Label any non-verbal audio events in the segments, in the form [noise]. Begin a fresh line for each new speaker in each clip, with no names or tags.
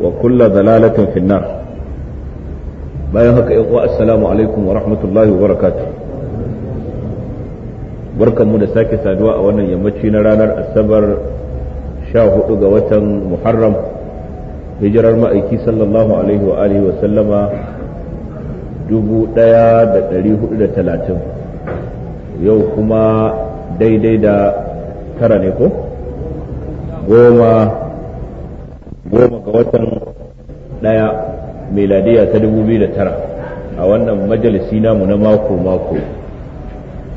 wa kulla dalalatin finnar bayan haka yan uwa assalamu alaikum wa rahmatullahi wa barkanmu da sake saduwa a wannan yammaci na ranar asabar sha hudu ga watan muharram hijirar ma'aiki sallallahu alaihi wa alihi wa sallama talatin yau kuma daidai da tara ne ko goma goma ga watan ɗaya miladiya ta dubu biyu da tara a wannan majalisi namu na mako mako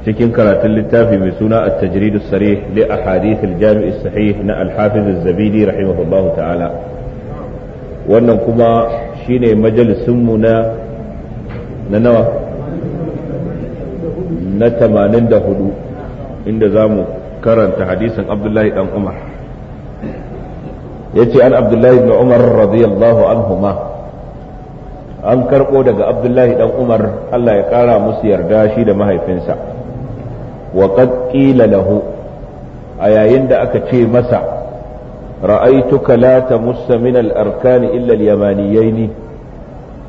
cikin karatun littafi mai suna a tajrid sare sarih li ahadith al-jami' sahih na al-hafiz zabidi rahimahullahu ta'ala wannan kuma shine majalisin mu na na nawa na 84 inda zamu karanta hadisin Abdullahi dan Umar yace an abdullahi ibn umar radiyallahu anhuma an karɓo daga abdullahi dan umar Allah ya ƙara musu yarda shi da mahaifinsa wa qad qila lahu a yayin da aka ce masa ra'aituka la tamussa min al-arkani illa al-yamaniyaini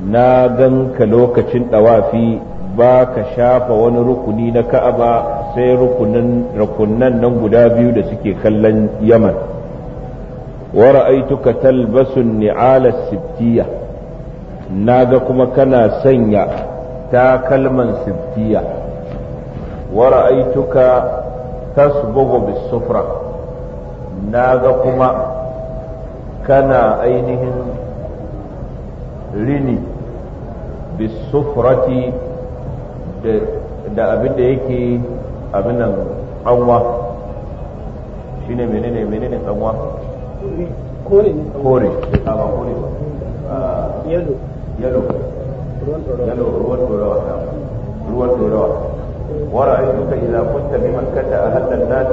na ganka lokacin dawafi ba ka shafa wani rukuni na ka'aba sai rukunan nan guda biyu da suke kallon yaman wa ra'aytuka talbasu ni'ala sibtiya ga kuma kana sanya takalman sibtiya wa ra'aytuka tasbughu bis-sufra naga kuma kana ainihin rini bis-sufrati da abin da yake abin nan anwa shine menene menene kore ne kore a ba kore ba ah, yalo yalo yalo ruwan dorawa ruwan dorawa ورأيتك إذا كنت بمكة أهل الناس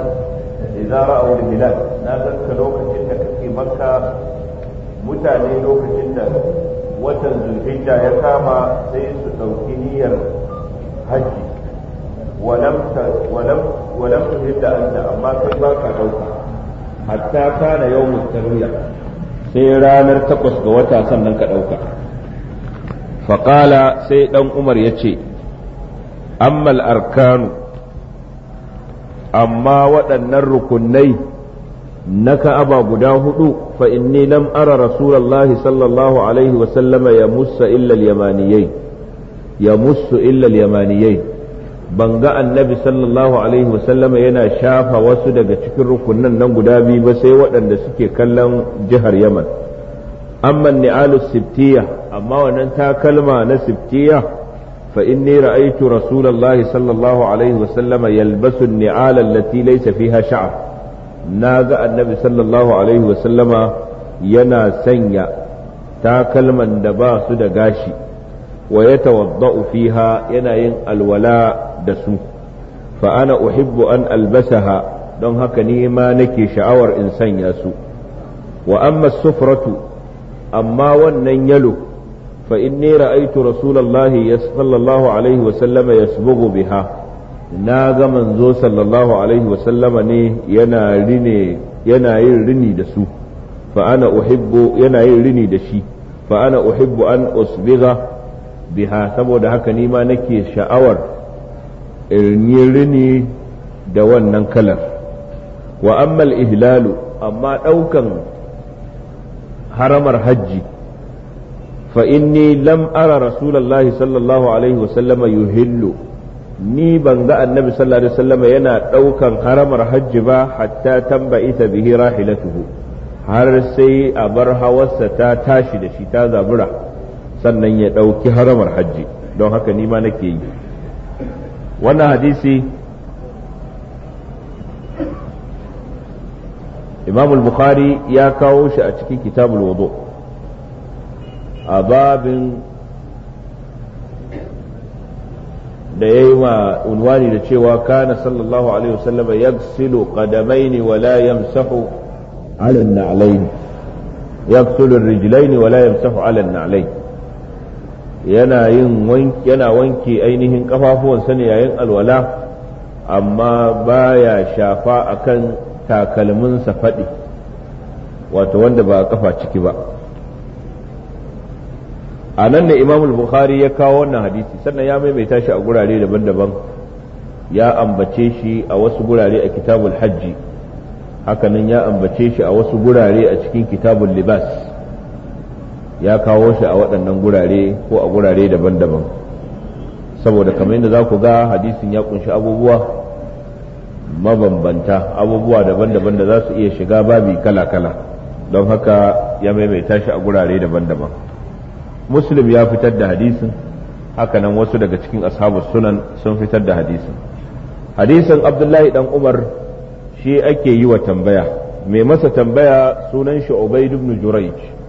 Na san ka lokacin لوكة في مكة mutane lokacin da watan zulhijja ya kama sai su ɗauki niyyar hajji walam su hidda anta amma kai baka ɗauka hatta kana yawmut tarwiya sai ranar takwas ga wata sannan ka ɗauka faƙala sai ɗan umar ya ce ammal arkanu amma waɗannan rukunai na ka'aba guda hudu fa inni lam ara rasulallahi sallallahu alaihi wasallama ya musa illal yamaniyai ya musu illal yamaniyai ban ga annabi sallallahu alaihi wasallama yana shafa wasu daga cikin rukunan nan guda biyu ba sai waɗanda suke kallon jihar yaman amma ni'alu sibtiya amma wannan takalma na sibtiya fa inni ra'aytu rasulullahi sallallahu alaihi wasallama yalbasu ni'al allati laysa fiha sha'r na ga annabi sallallahu alaihi wasallama yana sanya takalman da ba su da gashi wa yatawadda'u fiha yana yin alwala da su fa ana uhibbu an albasaha don haka ni ma nake sha'awar in sanya su wa amma sufratu amma wannan yalo fa inni ra'aytu rasulullahi sallallahu alaihi wa sallama yasbughu biha na ga manzo sallallahu alaihi wa sallama ne yana rine yana yin rini da su fa ana uhibbu yana yin rini da shi fa ana uhibbu an usbiga. biha saboda haka nima nake sha'awar rini da wannan kalar wa ammal ihlalu amma ɗaukan haramar hajji fa inni lam ara rasulallahi sallallahu alaihi wasallama yuhillu ni ban ga annabi sallallahu alaihi wasallama yana ɗaukan haramar hajji ba hatta tambayi ta bihi rahilatuhu har sai a bar hawarsa ta tashi da shi ta zabura sannan ya ɗauki haramar hajji don haka ni ma nake yi wannan hadisi imam bukhari ya kawo shi a cikin kitabul wudu a babin da ya yi wa da cewa kana sallallahu alaihi wasallam yaghsilu qadamaini wa la yamsahu ala na nalayn ya ar-rijlayn wa la yamsahu ala an-na'layn yana yin yana wanke ainihin kafafuwansa ne yayin alwala amma baya shafa akan takalminsa faɗi wato wanda ba kafa ciki ba a nan da imam bukhari ya kawo wannan hadisi sannan ya maimaita shi a gurare daban-daban ya ambace shi a wasu gurare a kitabul hajji hakanan ya ambace shi a wasu gurare a cikin kitabul libas ya kawo shi a waɗannan gurare ko a gurare daban-daban saboda kamar yadda za ku ga hadisin ya kunshi abubuwa mabambanta abubuwa daban-daban da za su iya shiga babi kala-kala don haka ya maimaita shi a gurare daban-daban muslim ya fitar da hadisin hakanan wasu daga cikin ashabu sunan sun fitar da hadisin hadisin abdullahi dan umar shi ake yi wa tambaya mai masa tambaya sunan shi ubaid ibn jurayj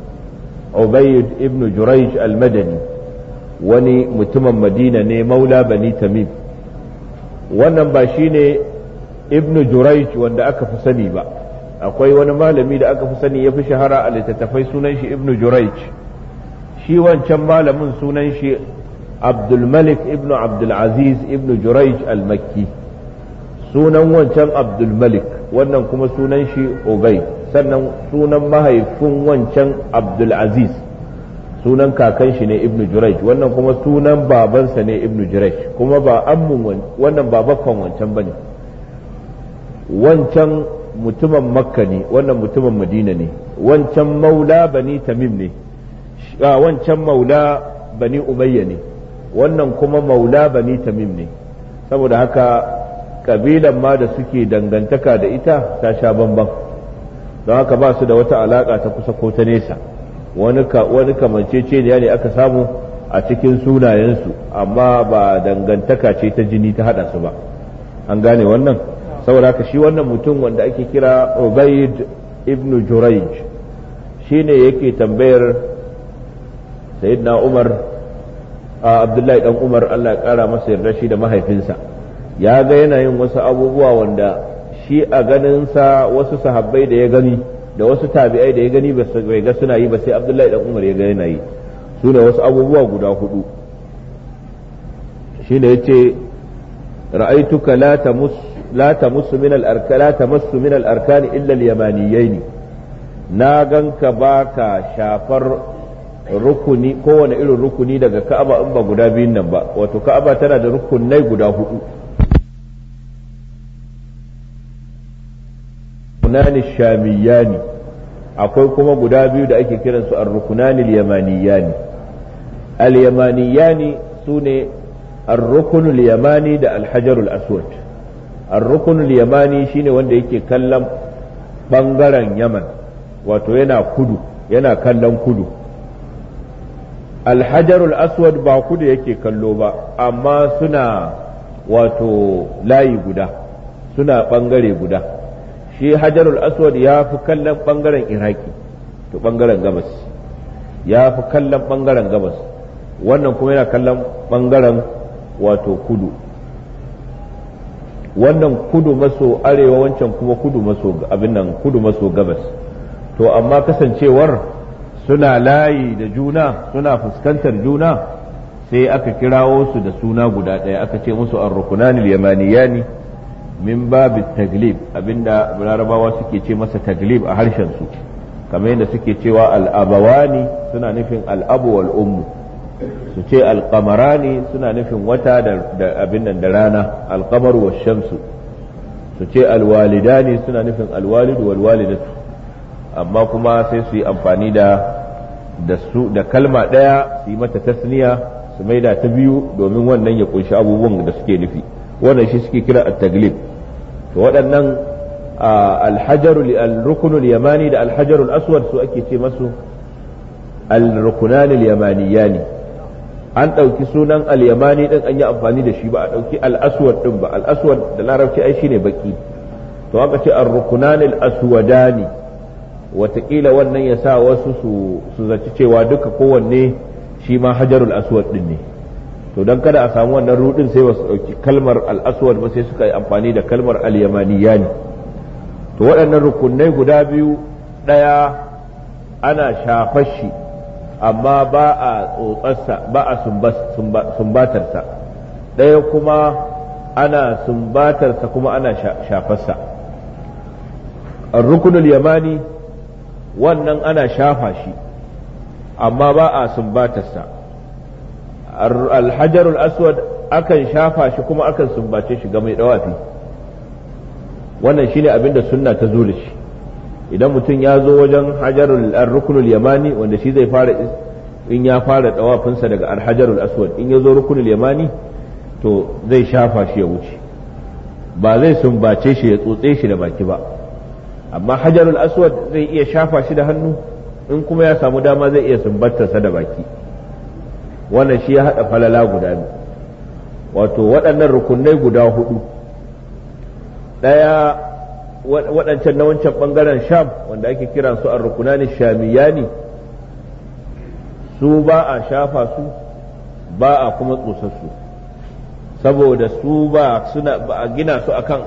ubayd ibn juraij almadani wani mutumin madina ne maula bani tamim wannan ba ne ibn juraij wanda aka fi sani ba akwai wani malami da aka fi sani ya fi shahara a littattafai sunan shi ibn juraij shi wancan malamin sunan shi abdulmalik ibn abdulaziz ibn juraij al-makki sunan wancan abdulmalik wannan kuma sunan shi obai sannan sunan mahaifin wancan abdulaziz sunan kakan shi ne ibnu juraj wannan kuma sunan babansa ne ibnu juraj kuma ba ammun wannan ba bakkan wancan bane wancan mutumin makka ne wannan mutumin madina ne wancan maula bani tamim ne wancan maula bani umayya ne wannan kuma maula bani tamim ne saboda haka kabilan ma da suke dangantaka da ita ta sha bambam don haka ba su da wata alaka ta kusa ko ta nesa wani kamanceceniya ne aka samu a cikin sunayensu amma ba dangantaka ce ta jini ta haɗa su ba an gane wannan saboda ka shi wannan mutum wanda ake kira ubaid ibn juraij shine yake tambayar sayyidina umar abdullahi dan umar allah ya kara masa yarda shi da mahaifinsa ya ga yana yin wasu abubuwa wanda shi a ganinsa wasu sahabbai da ya gani da wasu tabi'ai da ya gani bai ga suna yi ba sai abdullahi dan umar ya gani na yi su ne wasu abubuwa guda hudu shi ne ya ce ra'aituka la tamus la tamus min al la min al illa al yamaniyaini na ganka baka shafar rukuni kowane irin rukuni daga ka'aba in ba guda biyun nan ba wato ka'aba tana da rukunai guda hudu ar-rukunani shamiyani akwai kuma guda biyu da ake kiransu ar al yamaniyani al-yamaniyani sune ar al yamani da al al aswad ar al yamani shine wanda yake kallon bangaren yaman wato yana kudu yana kallon kudu alhajarul aswad ba kudu yake kallo ba amma suna wato layi guda suna bangare guda shi hajarul aswad ya fi kallon bangaren iraki to bangaren gabas ya fi kallon bangaren gabas wannan kuma yana kallon bangaren wato kudu wannan kudu maso arewa wancan kuma kudu maso abin nan kudu maso gabas to amma kasancewar suna layi da juna suna fuskantar juna sai aka kirawo su da suna guda ɗaya aka ce musu ar-rukunanil yamaniyani min babi taglib abinda larabawa suke ce masa taglib a harshen su kamar yadda suke cewa al'abawani suna nufin al'abu wal ummu su ce alƙamarani suna nufin wata da abin nan da rana alƙamar wa shamsu su ce alwalidani suna nufin alwalidu wal amma kuma sai su yi amfani da da su da kalma ɗaya su yi mata tasniya su maida ta biyu domin wannan ya kunshi abubuwan da suke nufi wannan shi suke kira a taglib to waɗannan alhajarul alrukunul yamani da alhajarul aswad su ake ce masu yamaniya ne an ɗauki sunan alyamani ɗin an yi amfani da shi ba a ɗauki alaswad ɗin ba alaswad da larabci ai shine baki to aka ce ar aswadani watakila wannan ya sa wasu su zaci cewa duka kowanne shi ma hajarul aswad ɗin ne to dan kada a samu wannan rudin sai wasu dauki kalmar al ba sai suka yi amfani da kalmar al ne? to waɗannan rukunai guda biyu ɗaya ana shafar amma ba a tsotsarsa ba a sumbatarsa ɗaya kuma ana sumbatarsa kuma ana shafarsa rukunul yamani wannan ana shafa shi amma ba a sumbatarsa alhajarul aswad akan shafa shi kuma akan sumbace shi ga mai dawafi wannan shine abinda sunna ta zo shi idan mutum ya zo wajen hajarul rukunul yamani wanda shi zai fara in ya fara dawafinsa daga alhajarul aswad in ya zo rukunul yamani to zai shafa shi ya wuce ba zai sumbace shi ya tsotse shi da baki ba amma hajarul aswad zai iya shafa shi da hannu in kuma ya samu dama zai iya sumbatarsa da baki wannan shi ya haɗa falala guda biyu wato waɗannan rukunai guda hudu ɗaya waɗancan na wancan ɓangaren sham wanda ake kiran su a rukunani shamiyani su ba a shafa su ba a kuma tsusassu saboda su ba suna ba a gina su akan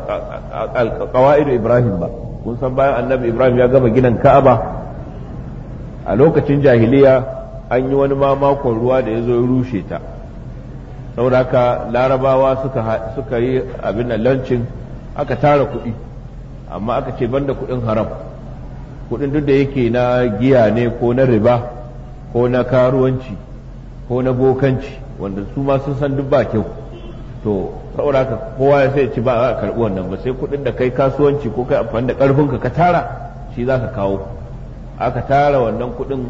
alƙawa'idu ibrahim ba kun san bayan annabi ibrahim ya gama ginan ka'aba a lokacin jahiliya an yi wani mamakon ruwa da ya zo rushe ta saboda haka larabawa suka yi abin da lancin aka tara kuɗi amma aka ce banda kuɗin haram kuɗin duk da yake na giya ne ko na riba ko na karuwanci ko na bokanci wanda su ma sun san duk ba kyau to saboda haka kowa ya sai ci ba a karɓi wannan ba sai kuɗin da kai kasuwanci ko kai amfani da ƙarfinka ka tara shi za ka kawo aka tara wannan kuɗin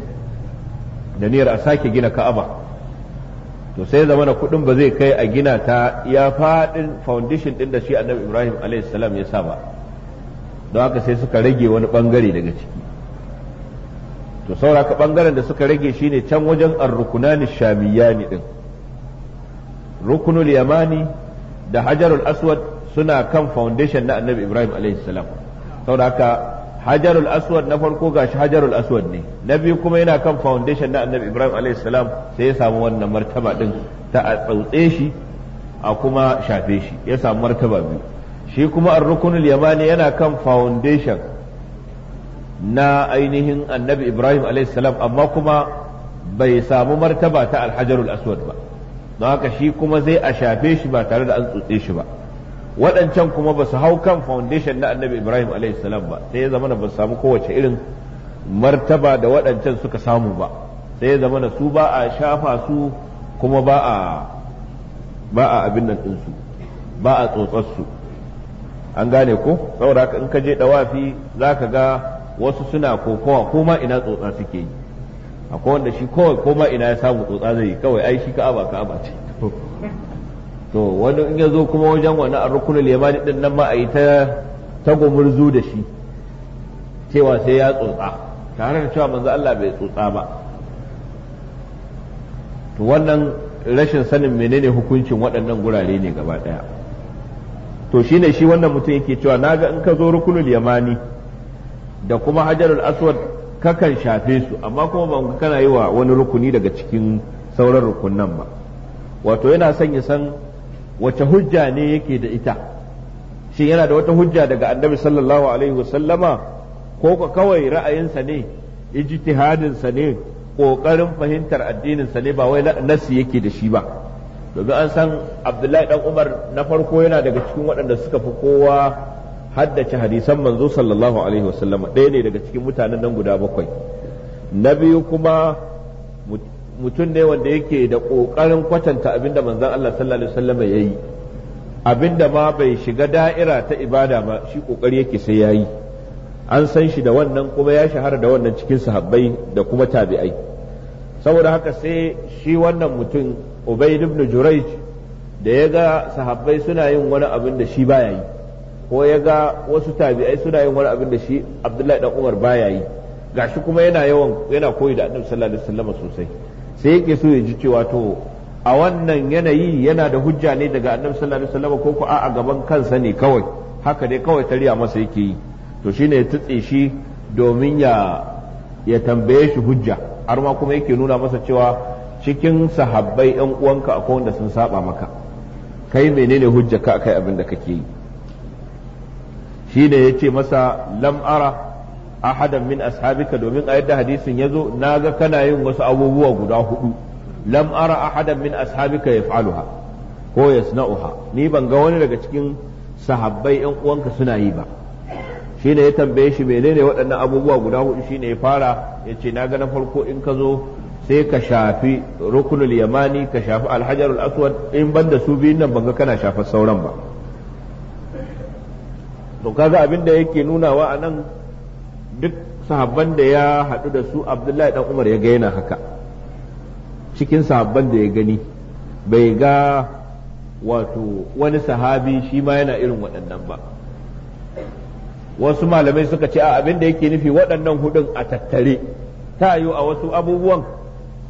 da niyyar a sake gina ka'aba to sai zama kuɗin ba zai kai a gina ta ya faɗin foundation ɗin da shi annabi ibrahim salam ya sa ba don haka sai suka rage wani ɓangare daga ciki to sauraka ɓangaren da suka rage shine can wajen shamiya shamiyani ɗin rukunul yamani da hajarul aswad suna kan foundation na annabi ibrahim salam haka. hajarul aswad na farko gashi hajarul aswad ne na biyu kuma yana kan foundation na annabi ibrahim alaihi salam sai ya samu wannan martaba din ta a tsautse shi a kuma shafe shi ya samu martaba biyu shi kuma ar-rukunul yamani yana kan foundation na ainihin annabi ibrahim alaihi salam amma kuma bai samu martaba ta alhajarul aswad ba don haka shi kuma zai a shafe shi ba tare da an tsutse shi ba waɗancan kuma ba su hau kan foundation na annabi ibrahim salam ba sai ya zama ba su samu kowace irin martaba da waɗancan suka samu ba sai ya na su ba a shafa su kuma ba a abin nan ɗinsu ba a tsotsarsu an gane ko saboda haka in ka je ɗawafi za ka ga wasu suna kokowa ko ma ina tsotsa suke yi akwai wanda shi kowai ko ma ina ya samu tsotsa zai yi kawai ai shi ka'aba ka'aba ce [laughs] to wani in ya zo kuma wajen wani a rukunin limani din nan ma a yi ta gumurzu da shi cewa sai ya tsotsa tare da cewa manzo Allah bai tsotsa ba to wannan rashin sanin menene hukuncin waɗannan gurare ne gaba ɗaya to shine shi wannan mutum yake cewa naga in ka zo rukunin limani da kuma hajarul aswad kakan shafe su amma kuma ban kana yi wa wani rukuni daga cikin sauran rukunan ba wato yana son ya san wace hujja ne yake da ita shi yana da wata hujja daga annabi sallallahu alaihi wasallama ko ka kawai ra'ayinsa ne ijtihadinsa ne kokarin fahimtar addininsa ne ba wai nasi yake da shi ba domin an san abdullahi dan umar na farko yana daga cikin waɗanda suka fi kowa haddace hadisan manzo sallallahu alaihi wasallama ɗaya ne daga cikin mutanen nan guda bakwai na biyu kuma mutum ne wanda yake da ƙoƙarin kwatanta abinda manzon Allah sallallahu alaihi wasallam ya yi abinda ma bai shiga da'ira ta ibada ba shi ƙoƙari yake sai ya yi an san shi da wannan kuma ya shahara da wannan cikin sahabbai da kuma tabi'ai saboda haka sai shi wannan mutum Ubayd ibn Jurayj da ya ga sahabbai suna yin wani abin da shi baya yi ko ya ga wasu tabi'ai suna yin wani abin da shi Abdullahi dan Umar baya yi gashi kuma yana yawan yana koyi da Annabi sallallahu alaihi wasallam sosai sai yake so ya ji cewa to a wannan yanayi yana da hujja ne daga annabi sallallahu alaihi wasallam ko ko a gaban kansa ne kawai haka dai kawai tariya masa yake yi to shine ya tutse shi domin ya ya tambaye shi hujja har ma kuma yake nuna masa cewa cikin sahabbai ɗan uwanka akwai wanda sun saba maka kai menene hujja ka kai abin da kake yi shine yace ya ce masa lam ara ahadan min ashabika domin a yadda hadisin yazo ga kana yin wasu abubuwa guda hudu lam ara ahadan min ashabika yaf'aluha ko yasna'uha ni ban ga wani daga cikin sahabbai yan uwanka suna yi ba ne ya tambaye shi menene waɗannan abubuwa guda hudu shine ya fara yace naga na farko in ka zo sai ka shafi rukunul yamani ka shafi alhajarul aswad in banda su biyun nan ga kana shafar sauran ba to kaga abin da yake nunawa a nan duk sahabban da ya haɗu da su abdullahi dan umar ya ga yana haka cikin sahabban da ya gani bai ga wato wani sahabi shi ma yana irin waɗannan ba wasu malamai suka ce a abin da yake nufi waɗannan hudun a tattare ta yiwu a wasu abubuwan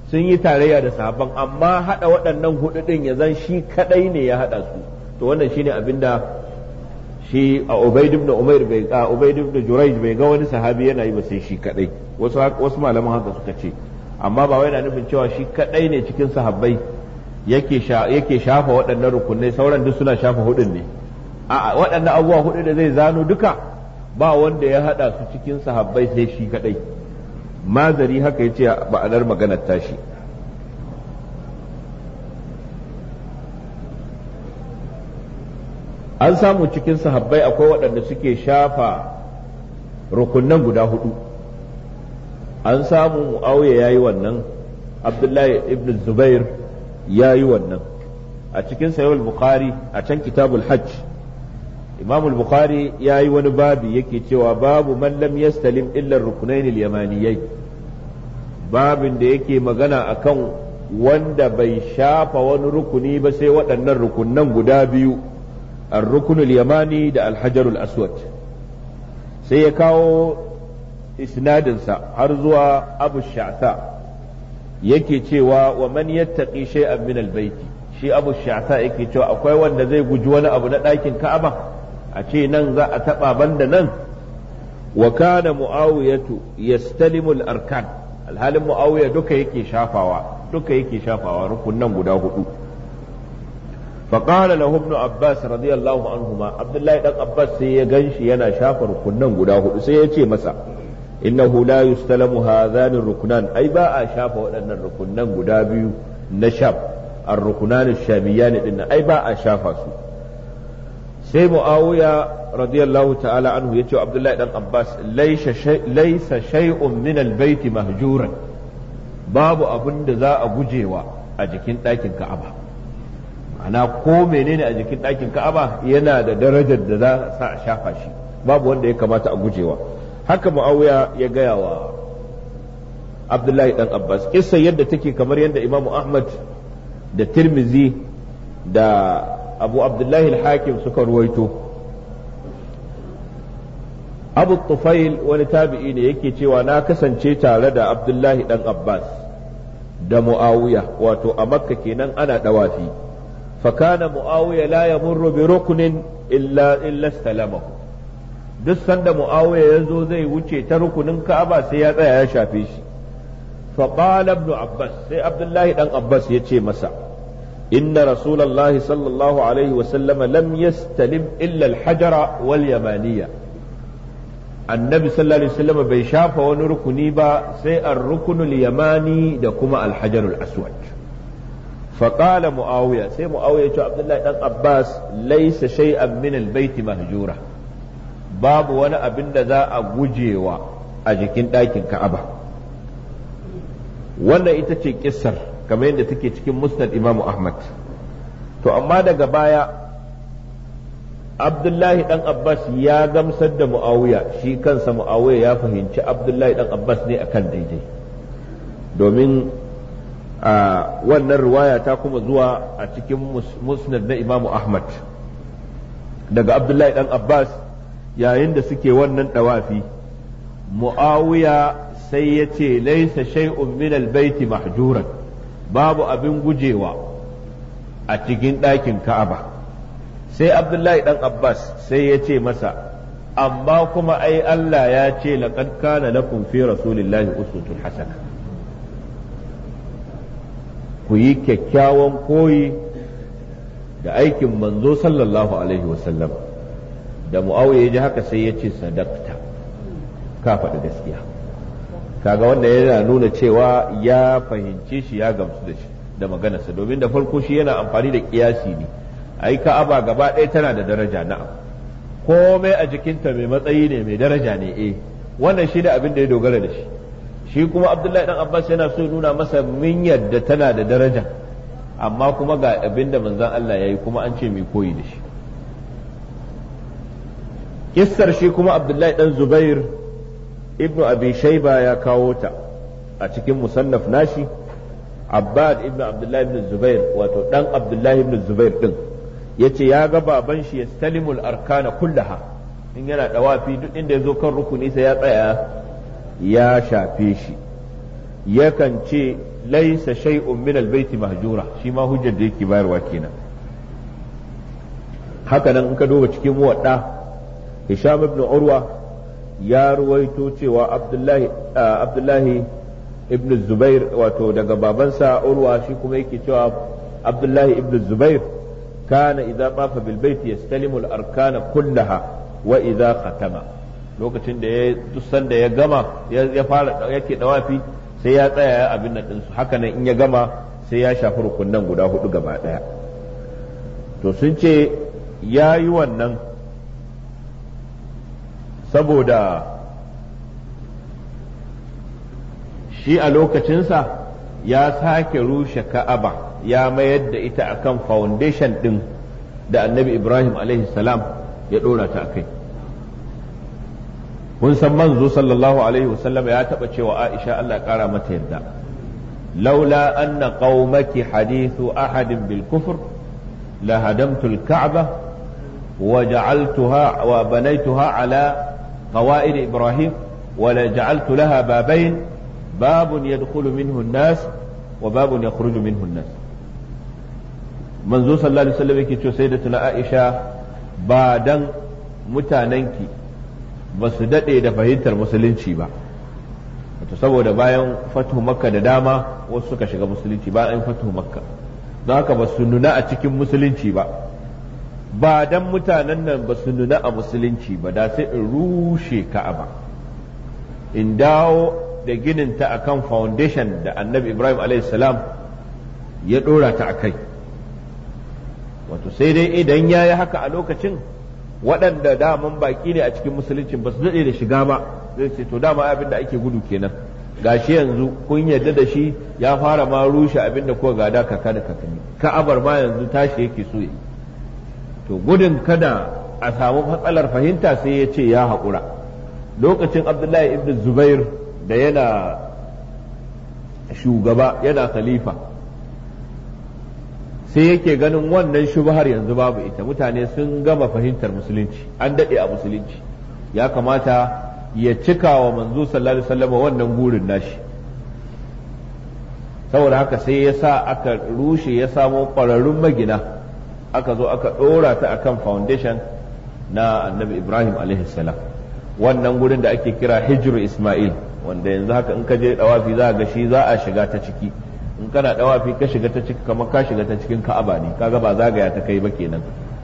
sun yi tarayya da sahabban amma haɗa waɗannan hudu ɗin ya zan shi kaɗai ne ya haɗa su to wannan shine abin da shi a Ubaid ibn Umair bai a Ubaid ibn Jurayj bai ga wani sahabi yana yi ba sai shi kadai wasu wasu malaman haka suka ce amma ba wai yana nufin cewa shi kadai ne cikin sahabbai yake yake shafa waɗannan rukunai sauran duk suna shafa hudun ne a waɗannan abubuwa hudu da zai zano duka ba wanda ya hada su cikin sahabbai sai shi kadai mazari haka yace ba'anar maganar tashi an samu cikin sahabbai akwai waɗanda suke shafa rukunan guda hudu an samu mu'awiya ya yi wannan abdullahi ibn zubair ya yi wannan a cikin sayawar bukhari a can kitabul hajj imam bukhari ya yi wani babi yake cewa babu man lam yastalim rukunai rukunain yamaniyai babin da yake magana akan wanda bai shafa wani rukuni ba sai waɗannan rukunan guda biyu ar-rukunul yamani da al-hajarul aswad sai ya kawo isnadinsa har zuwa abu sha'sa yake cewa wa man yattaqi shay'an min al-baiti shi abu sha'sa yake cewa akwai wanda zai guji wani abu na ɗakin ka'aba a ce nan za a taɓa banda nan wa da mu'awiyatu yastalimu al-arkan alhalin mu'awiya duka yake shafawa duka yake shafawa rukunan guda huɗu. فقال له ابن عباس رضي الله عنهما عبد الله بن عباس سي yana shafa rukunan guda hudu sai yace masa innahu la yustalamu hadhan ar-ruknan ai ba a shafa waɗannan rukunan guda biyu na shab ar-rukunan ash-shabiyan din ai ba a shafa su sai muawiya radiyallahu ta'ala anhu yace abdullahi ɗan abbas laysa laysa shay'un min al mahjuran babu abin da za a gujewa a jikin ɗakin ka'aba ma'ana ko menene a jikin ɗakin ka'aba yana da darajar da za sa a shafa shi babu wanda ya kamata a gujewa haka muawiya ya gaya wa abdullahi dan abbas kissa yadda take kamar yadda imamu ahmad da tirmizi da abu abdullahi al-hakim suka ruwaito abu tufail wani tabi'i ne yake cewa na kasance tare da abdullahi dan abbas da muawiya wato a makka kenan ana dawafi fakana muawiya la yamurru bi ruknin illa illa duk sanda muawiya zo zai wuce ta rukunin ka'aba sai ya tsaya ya shafe shi fa qala ibn abbas sai abdullahi dan abbas ya ce masa inna rasulullahi sallallahu alaihi wa sallama lam yastalim illa al-hajara wal yamaniya annabi sallallahu alaihi wasallam bai shafa wani rukuni ba sai ar-rukunul yamani da kuma al-hajarul aswad فقال معاوية سي معاوية شو عبد الله بن عباس ليس شيئا من البيت مهجورا باب وانا ابن ذا اجوجيوا اجكين داكن كعبة وانا اتتي كسر كما يند تكي تكي مسند امام احمد تو اما دا بايا عبد الله بن عباس يا gamsar da Muawiya shi kansa Muawiya ya fahimci Abdullahi dan Abbas ne akan daidai domin wannan riwaya ta kuma zuwa a cikin musnad na imamu ahmad daga abdullahi dan abbas yayin da suke wannan dawafi mu'awiya sai ya ce laisa shay'un min albayti mahjuran babu abin gujewa a cikin ɗakin ka'aba sai abdullahi dan abbas sai ya ce masa amma kuma ai allah ya ce laqad kana lakum fi rasulillahi uswatun hasana ku yi kyakkyawan koyi da aikin manzo sallallahu alaihi wasallam da mu'awiya ya ji haka sai ya ce sadakta ka faɗi gaskiya kaga wanda yana nuna cewa ya fahimce shi ya gamsu da shi da maganarsa domin da farko shi yana amfani da kiyasi ne ai aba gaba ɗaya tana da daraja na'am komai a jikinta mai matsayi ne mai daraja ne eh wannan shi da abin da ya dogara da shi shi kuma abdullahi dan abbas yana so nuna masa min yadda tana da daraja amma kuma ga abinda manzon Allah yayi kuma an ce mai koyi da shi kissar shi kuma abdullahi dan zubair ibnu abi shayba ya kawo ta a cikin musannaf nashi abbad ibnu abdullahi ibn zubair wato dan abdullahi ibn zubair din yace ya ga baban shi yastalimul arkana kullaha in yana dawafi duk inda ya zo kan rukuni sai ya tsaya ya shafe shi yakan ce laisa shay'un min albayti mahjura shi ma hujjar da yake bayarwa kenan haka nan in ka duba cikin muwadda hisham ibn urwa ya ruwaito cewa abdullahi abdullahi ibn zubair wato daga babansa urwa shi kuma yake cewa abdullahi ibn zubair kana idza bafa bil bayt yastalimu arkana kullaha wa idza khatama lokacin da ya dusan da ya gama ya fara yake dawafi sai ya tsaya abin nan ɗinsu haka nan in ya gama sai ya shafi rukunnan guda hudu gaba ɗaya to sun ce ya yi wannan saboda shi a lokacinsa ya sake rushe ka'aba ya mayar da ita akan foundation ɗin da annabi ibrahim salam ya ɗora ta a kai kun san manzo sallallahu alaihi wasallam ya taba cewa Aisha Allah kara mata yadda laula anna qaumaki hadithu ahadin bil kufr la hadamtu al ka'ba wa ja'altuha wa banaytuha ala qawaid ibrahim wa la ja'altu laha babayn babun yadkhulu minhu an-nas wa babun yakhruju minhu an-nas manzo sallallahu alaihi wasallam yake cewa sayyidatuna Aisha badan dan ba su daɗe da fahimtar musulunci ba wato saboda bayan fatuhu makka da dama wasu suka shiga musulunci bayan fatuhu makka don haka ba su nuna a cikin musulunci ba ba dan mutanen nan ba su nuna a musulunci ba da sai in rushe ka'aba in dawo da ginin ta akan foundation da annabi ibrahim salam ya ɗora ta a kai wato sai dai idan ya yi haka a lokacin waɗanda daman baƙi ne a cikin musulunci ba su daɗe da shiga ba zai ce to dama abin da ake gudu kenan gashi yanzu kun yarda da shi ya fara ma rushe abin da kuka gada kaka da kakanni abar ma yanzu tashi yake so yi to gudun kada a samu matsalar fahimta sai ya ce ya haƙura lokacin abdullahi ibn zubair da yana shugaba yana khalifa sai yake ganin wannan shubhar yanzu babu ita mutane sun gama fahimtar musulunci an daɗe a musulunci ya kamata ya cika wa manzo sallallahu alaihi wasallam wannan gurin nashi saboda haka sai ya sa aka rushe ya samo ƙwararrun magina aka zo aka ɗora ta akan foundation na annabi ibrahim salam wannan gurin da ake kira hijiru ismail wanda yanzu haka in ka je dawafi za ga shi za a shiga ta ciki in kana dawafi ka shiga ta cikin kamar ka shiga ta cikin ka'aba ne kaga ba zagaya ta kai ba kenan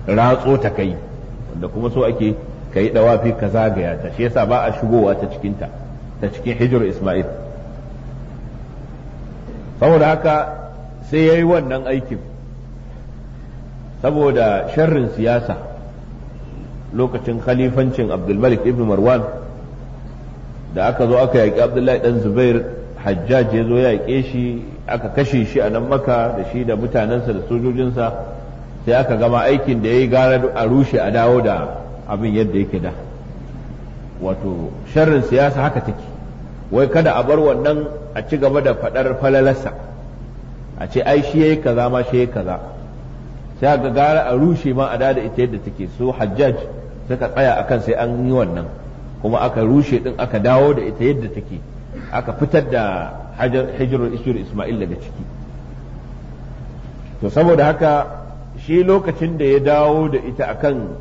ratso ta kai wanda kuma so ake kai dawafi ka zagaya ta shi yasa ba a shigowa ta cikin ta ta cikin hijr isma'il saboda haka sai yayi wannan aikin saboda sharrin siyasa lokacin khalifancin abdulmalik ibn marwan da aka zo aka yaƙi abdullahi dan zubair hajjaj ya zo ya yaƙe shi aka kashe shi a nan maka da shi da mutanensa da sojojinsa sai aka gama aikin da ya yi gara a rushe a dawo da abin yadda yake da wato sharrin siyasa haka take wai kada a bar wannan a ci gaba da faɗar falalarsa a ce ai shi yayi kaza ma shi yayi kaza sai aka gara a rushe ma a da ita yadda take so hajjaj suka tsaya akan sai an yi wannan kuma aka rushe din aka dawo da ita yadda take aka fitar da hijirar isur isma'il daga ciki to saboda haka shi lokacin da ya dawo da ita akan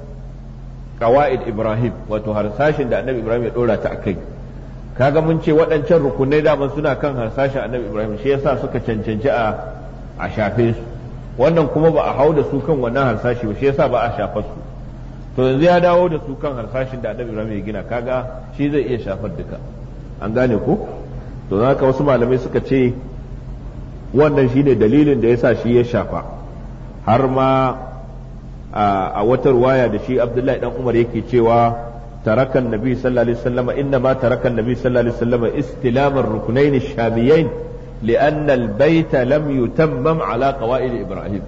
kawaid ibrahim wato harsashin da annabi ibrahim ya dora ta kai kaga mun ce waɗancan rukunai daman suna kan harsashin annabi ibrahim shi yasa suka cancanci a a shafe su wannan kuma ba a hau da su kan wannan harsashi ba shi yasa ba a shafa su to yanzu ya dawo da su kan harsashin da annabi ibrahim ya gina kaga shi zai iya shafar duka an gane ko to haka wasu malamai suka ce wannan shine dalilin da ya sa shi ya shafa har ma a wata ruwaya da shi abdullahi dan umar yake cewa ترك النبي صلى الله عليه وسلم إنما ترك النبي صلى الله عليه وسلم استلام الركنين الشاميين لأن البيت لم يتمم على قوائد إبراهيم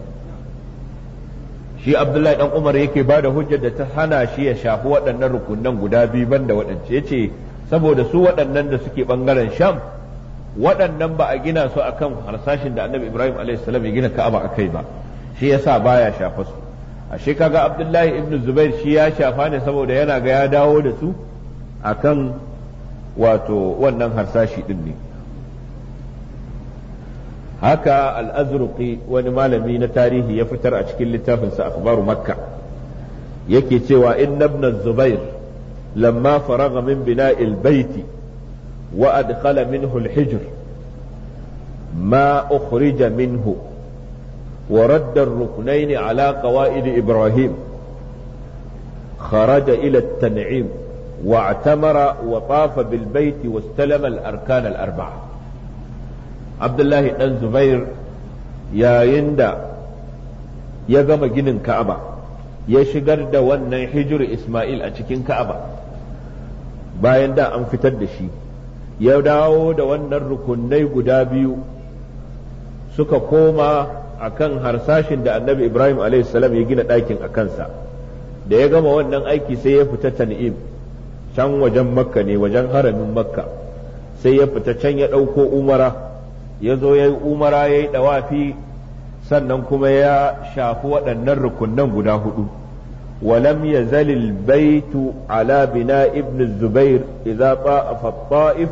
shi Abdullahi dan Umar yake ba da hujjar da ta hana shi ya shafi waɗannan rukunan guda biyu banda waɗance yace saboda su waɗannan da suke ɓangaren sham waɗannan ba a gina su akan harsashin da annabi ibrahim alaihissalam ya gina ka'aba a kai ba shi ya sa baya shafa su ashe kaga abdullahi ibn zubair shi ya shafa ne saboda yana ga ya dawo da su akan wato wannan harsashi din ne haka al'azurki wani malami na tarihi ya fitar a cikin littafinsa akhbaru makka yake cewa inna ibn zubair lamma faraga min bina'il baiti wa adkhala minhu al-hijr ma ukhrija minhu wa radda ar-ruknayn ala qawaid ibrahim خرج إلى التنعيم واعتمر وطاف بالبيت واستلم الأركان الأربعة عبد الله بن زبير يا يندا يا جما جنن ya shigar da wannan hijir Ismail a cikin Ka'aba bayan da an fitar da shi ya dawo da wannan rukunai guda biyu suka koma a kan harsashin da annabi Ibrahim salam ya gina ɗakin a kansa da ya gama wannan aiki sai ya fita tan'im can wajen makka ne wajen haramin makka sai ya fita can ya ɗauko umara ya zo ya yi umara ya yi ɗawafi sannan kuma ya shafi waɗannan rukunan guda hudu ولم يزل البيت على بناء ابن الزبير إذا طاف الطائف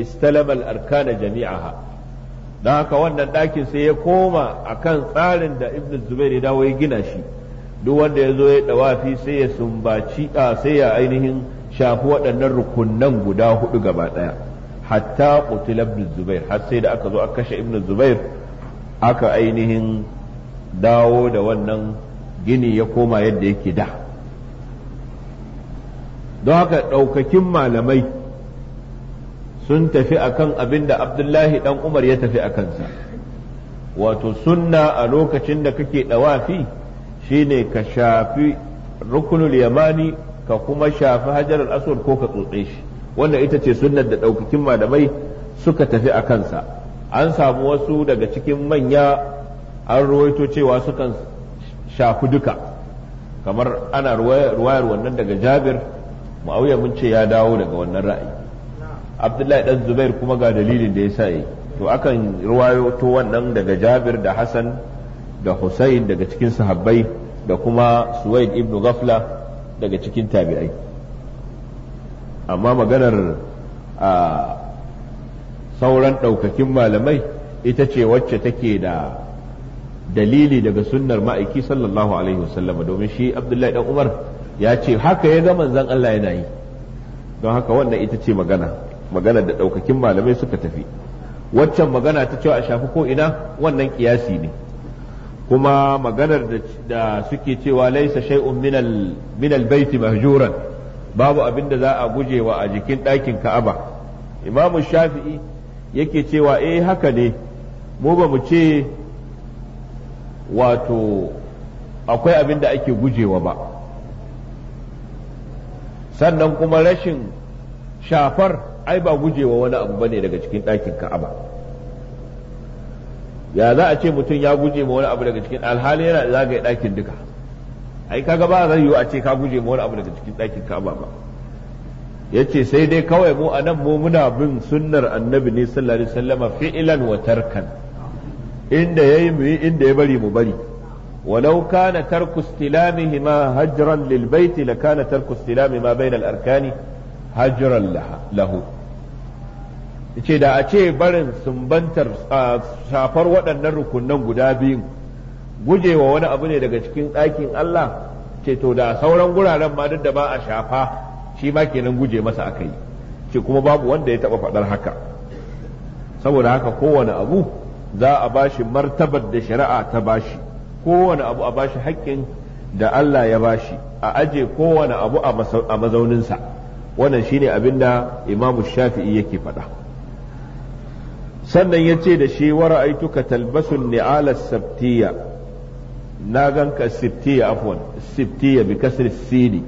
استلم الأركان جميعها da haka wannan ɗakin sai ya koma a kan tsarin da ibn zubair ya dawo ya gina shi duk wanda ya zo ya dawafi sai ya sumbaci a sai ya ainihin shafi waɗannan rukunnan guda hudu gaba ɗaya hatta qutila ibn zubair har sai da aka zo aka kashe ibn zubair aka ainihin dawo da wannan gini ya koma yadda yake da don haka ɗaukakin malamai sun tafi akan abinda abdullahi ɗan umar ya tafi a kansa wato sunna a lokacin da kake ɗawafi shine ka shafi rukunul yamani ka kuma shafi hajarar aswad ko ka tsotse shi wannan ita ce sunnar da ɗaukakin malamai suka tafi a kansa an samu wasu daga cikin manya an ruwaito cewa sukan shafi duka kamar ana ruwayar wannan daga jabir ma'auya mun ce ya dawo daga wannan ra'ayi abdullahi dan zubair kuma ga dalilin da ya sa yi to akan ruwayoto wannan daga jabir da hassan da hussain daga cikin sahabbai da kuma suwaid ibn gafla daga cikin tabi'ai amma maganar a ah, sauran ɗaukakin malamai ita ce wacce take da dalili daga sunnar ma'aiki sallallahu alaihi wasallama domin shi abdullahi dan umar ya ce haka ya gama zan Allah yana yi don haka wannan ita ce magana magana da ɗaukakin malamai suka tafi waccan magana ta cewa a shafi ko ina wannan kiyasi ne kuma maganar da suke cewa laisa shay'un minal minal baiti mahjuran babu abin da za a gujewa a jikin ɗakin ka'aba imamu shafi'i yake cewa eh haka ne mu ba mu ce wato akwai abin da ake gujewa ba sannan kuma rashin shafar ai ba gujewa wani abu bane daga cikin ɗakin ka'aba ya za a ce mutum ya guje ma wani abu daga cikin alhali yana zagaye ɗakin duka ai kaga ba zai yiwu a ce ka guje ma wani abu daga cikin ɗakin ka'aba ba yace sai dai kawai mu anan mu muna bin sunnar annabi ne sallallahu alaihi wasallama fi'lan wa tarkan inda yayi mu inda ya bari mu bari ولو كان ترك استلامهما هجرا للبيت لكان ترك استلام ما بين الأركان هجرا له ce da a ce barin sumbantar shafar waɗannan rukunan guda biyu gujewa wani abu ne daga cikin ɗakin Allah ce to da sauran guraren ma duk da ba a shafa shi ma kenan guje masa aka yi ce kuma babu wanda ya taba faɗar haka saboda haka kowane abu za a bashi martabar da shari'a ta bashi kowane abu a bashi haƙƙin da Allah ya bashi a aje kowane abu a mazauninsa wannan shine abin da imamu shafi'i yake faɗa sannan ya ce da shi wa aituka talbasun ni'ala sabtiya na ganka sibtiya afwan sibtiya bi kasri sini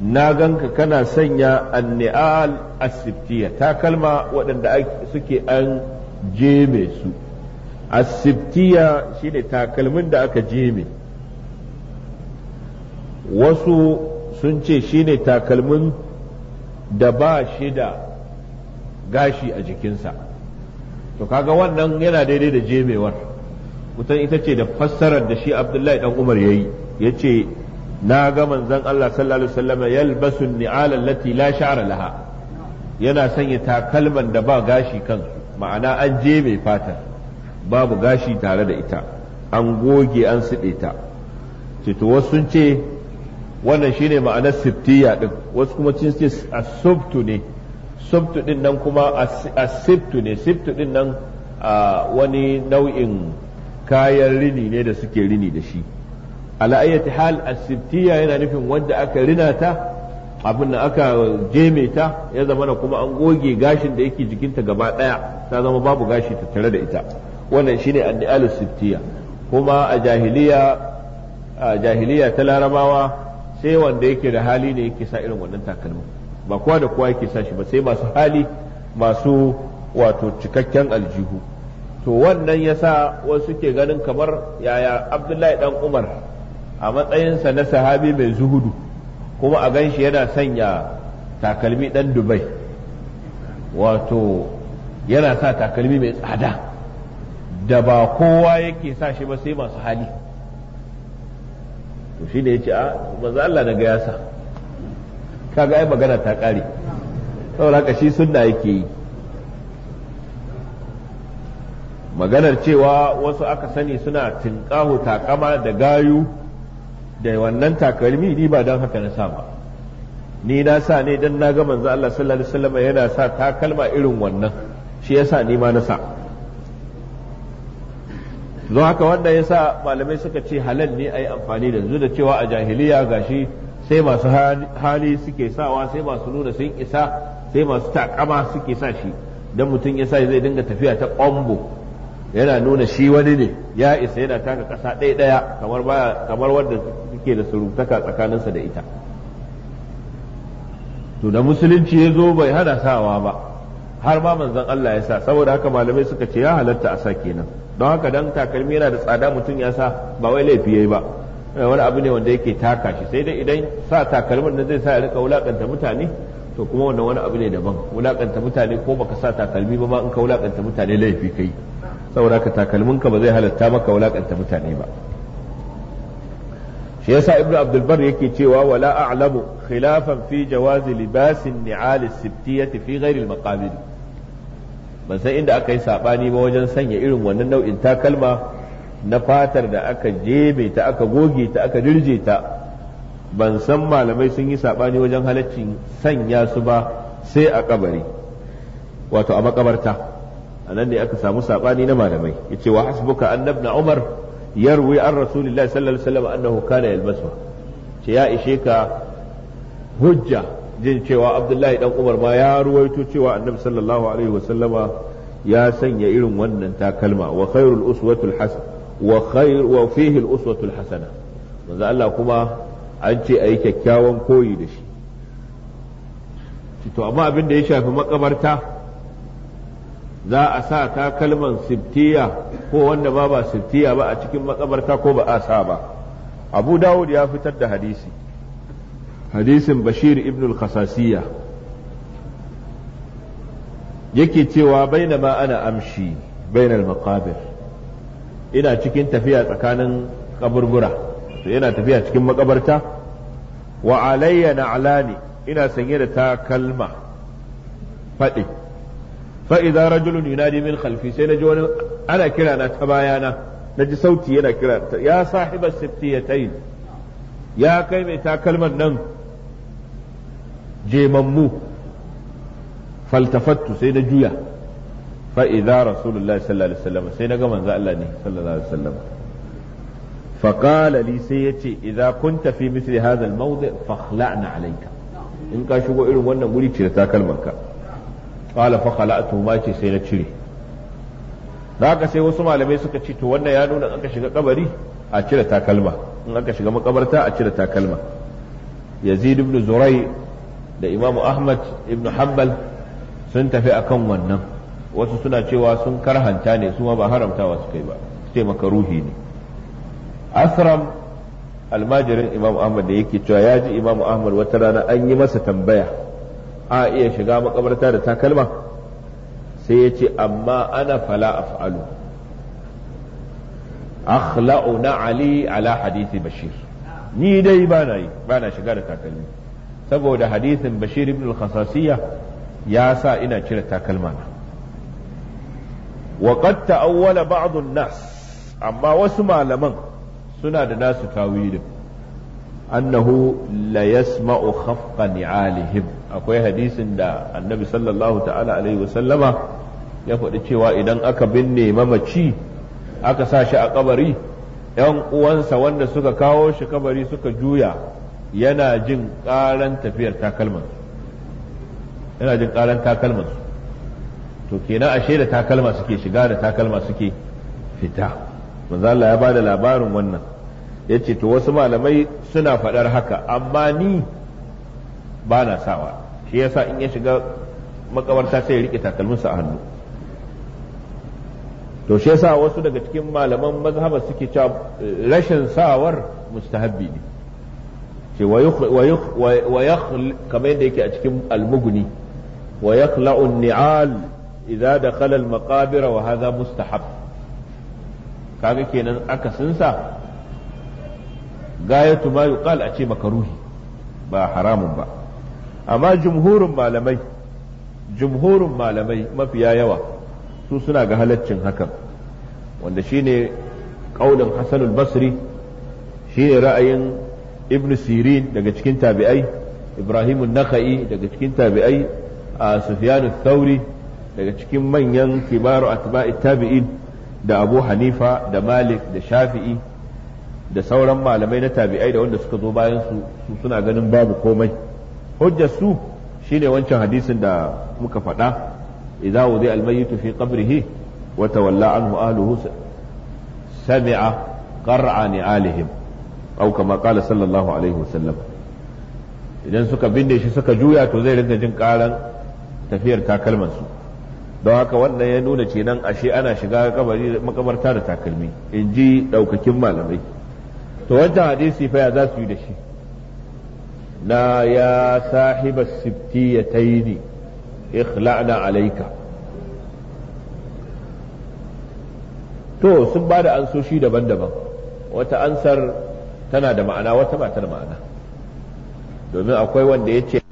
na ganka kana sanya anni'al asibtiya takalma waɗanda suke an jeme su asibtiya shine takalmin da aka jeme wasu sun ce shine takalmin da ba shi da gashi a jikinsa to kaga wannan yana daidai da jemewar wutan ita ce da fassarar da shi abdullahi dan umar ya yi ya ce na ga manzon Allah sallallahu alaihi wasallam yalbasu ni'al allati la sha'ra laha yana sanya takalman da ba gashi kan ma'ana an je mai fata babu gashi tare da ita an goge an sube ta to wasu sun ce wannan shine ma'anar siftiya din wasu kuma sun ce asubtu ne subtu din nan kuma asibtu ne siftu din nan wani nau'in kayan rini ne da suke rini da shi ala ayyati hal asibtiya yana nufin wanda aka rina ta abin da aka jeme ta ya zama na kuma an goge gashin da yake jikinta gaba daya ta zama babu gashi tare da ita wannan shine addi'al sibtiya kuma a jahiliya ta larabawa sai wanda yake da hali ne yake sa irin wannan takalma ba kowa da kowa yake sa shi ba sai masu hali masu wato cikakken aljihu to wannan yasa wasu ke ganin kamar yaya abdullahi dan umar a matsayinsa na sahabi mai zuhudu kuma a ganshi yana sanya takalmi ɗan dubai wato yana sa takalmi mai tsada da ba kowa yake sa shi ba sai masu hali to shi ne ya ce a maza Allah na gaya sa kaga ai magana ta ƙare saboda haka shi sunna yake yi maganar cewa wasu aka sani suna tinƙahu takama da gayu da wannan takalmi ni ba don haka na sa ba ni na sa ne don na ga manzo Allah sallallahu alaihi wasallam yana sa takalma irin wannan shi yasa ni ma na sa don haka wanda ya sa malamai suka ce halal ne a yi amfani da zu da cewa a jahiliya gashi sai masu hali suke sawa sai masu nuna sun isa sai masu takama suke sa shi don mutum ya sa zai dinga tafiya ta ƙombo yana nuna shi wani ne ya isa yana taka kasa ɗaya ɗaya kamar wadda wanda suke da surutaka tsakaninsa da ita to da musulunci ya zo bai hana sawa ba har ma manzon Allah ya sa saboda haka malamai suka ce ya halatta a sa kenan don haka dan takalmi yana da tsada mutum ya sa ba wai laifi yayi ba eh, wani abu ne wanda yake taka shi sai dai idan sa takalmin nan zai sa ya rika wulakanta mutane to kuma wannan wani abu ne daban wulakanta mutane ko baka sa takalmi ba ma in ka wulakanta mutane laifi kai saboda ka takalminka ba zai halatta maka wulakanta mutane ba shi yasa ibn abdul bar yake cewa wala a'lamu khilafan fi jawazi libasin ni'al as-sibtiyati fi ghairi al-maqabir ban san inda aka yi sabani ba wajen sanya irin wannan nau'in takalma na fatar da aka jebe ta aka goge ta aka dirje ta ban san malamai sun yi sabani wajen halaccin sanya su ba sai a kabari wato a makabarta anan ne aka samu sabani na malamai yace wa hasbuka annabna umar yarwi an rasulillahi sallallahu alaihi wasallam annahu kana yalbasu ce ya ishe ka hujja jin cewa abdullahi dan umar ma ya ruwaito cewa annabi sallallahu alaihi wasallama ya sanya irin wannan takalma wa khairul uswatul hasan wa khair wa fihi uswatul hasana manzo Allah kuma an ce ayi kyakkyawan koyi da shi to amma abin da ya shafi makabarta za a sa takalman siftiya ko wanda ba ba siftiya ba a cikin makabarta ko ba a sa ba abu dawud ya fitar da hadisi hadisin bashir ibn al-khasasiyya yake cewa ma ana amshi al maqabir ina cikin tafiya tsakanin kaburbura to ina tafiya cikin makabarta wa alayya na'lani ina sanye da takalma faɗi fa idza rajulun yunadi min khalfi sai naji wani ana kira na ta bayana naji sauti yana kira ya sahibas siftiyatayn ya kai mai takalman nan jemammu faltafattu sai na juya fa idza sallallahu alaihi wasallam sai naga manzo Allah ne sallallahu alaihi wasallam fa qala li sai yace idza kunta fi misli hadha al-mawdi' fakhla'na alayka in ka shigo irin wannan guri cire takalmarka. qala fa khala'tu ma ce sai na cire da haka sai wasu malamai suka ce to wannan ya nuna ka shiga kabari a cire takalma in aka shiga makabarta a cire takalma yazid ibn zurai da imam ahmad ibn hanbal sun tafi akan wannan wasu suna cewa sun karhanta ne su ma ba haramtawa su kai ba sai ruhi ne asram almajirin imam ahmad da yake cewa ya ji imam ahmad wata rana an yi masa tambaya a iya shiga makabarta da takalma sai ya ce amma ana fala af'alu akhla'u na ali ala hadithi bashir ni dai ba na yi ba na shiga da takalmi saboda hadithin bashir ibn al-khasasiyya ya sa ina cire takalma na wa qad ta'awwala ba'd nas amma wasu malaman suna da nasu tawilin annahu la yasma'u khafqa alihim akwai hadisin da annabi sallallahu ta'ala alaihi wasallama ya faɗi cewa idan aka binne mamaci aka sa shi a kabari ‘yan uwansa wanda suka kawo shi kabari suka juya yana jin ƙaran tafiyar takalman yana jin ƙaran takalman to kenan ashe da takalma suke shiga da takalma suke fita manzo Allah ya ba da labarin wannan ya ce to wasu malamai suna faɗar haka amma ni ba na sawa shi yasa in ya shiga makabarta sai ya rike takalminsa a hannu to shi yasa wasu daga cikin malaman mazhaba suke cewa eh, rashin sawar mustahabbi ne ce wa kamar yadda yake a cikin almuguni wa la'un ni'al idza dakhala al-maqabir wa hadha mustahab kaga kenan akasinsa gayatu ma yuqal a ce makaruhi ba haramun ba amma jumhurin malamai jumhurin malamai mafiya yawa su suna ga halaccin hakan wanda shine kaulin Hassan al-Basri shine ra'ayin ibnu Sirin daga cikin tabi'ai Ibrahim an-Nakhai daga cikin tabi'ai a Sufyan thauri daga cikin manyan kibaru atba'i tabi'in da Abu Hanifa da Malik da Shafi'i da sauran malamai na tabi'ai da wanda suka zo bayan su suna ganin babu komai hujjar su shine wancan hadisin da muka faɗa idza wudi almayyitu fi qabrihi wa tawalla anhu ahluhu sami'a qar'a alihim aw kama qala sallallahu alaihi wasallam idan suka binne shi suka juya to zai rinka jin karan tafiyar takalman su don haka wannan ya nuna kenan ashe ana shiga kabari makabarta da takalmi in ji daukakin malamai to wancan hadisi fa ya za su yi da shi na ya sahiba sibtiyataini ikhla'na alayka to sun ba da ansoshi daban-daban wata ansar tana da ma'ana wata ba ta da ma'ana domin akwai wanda ya ce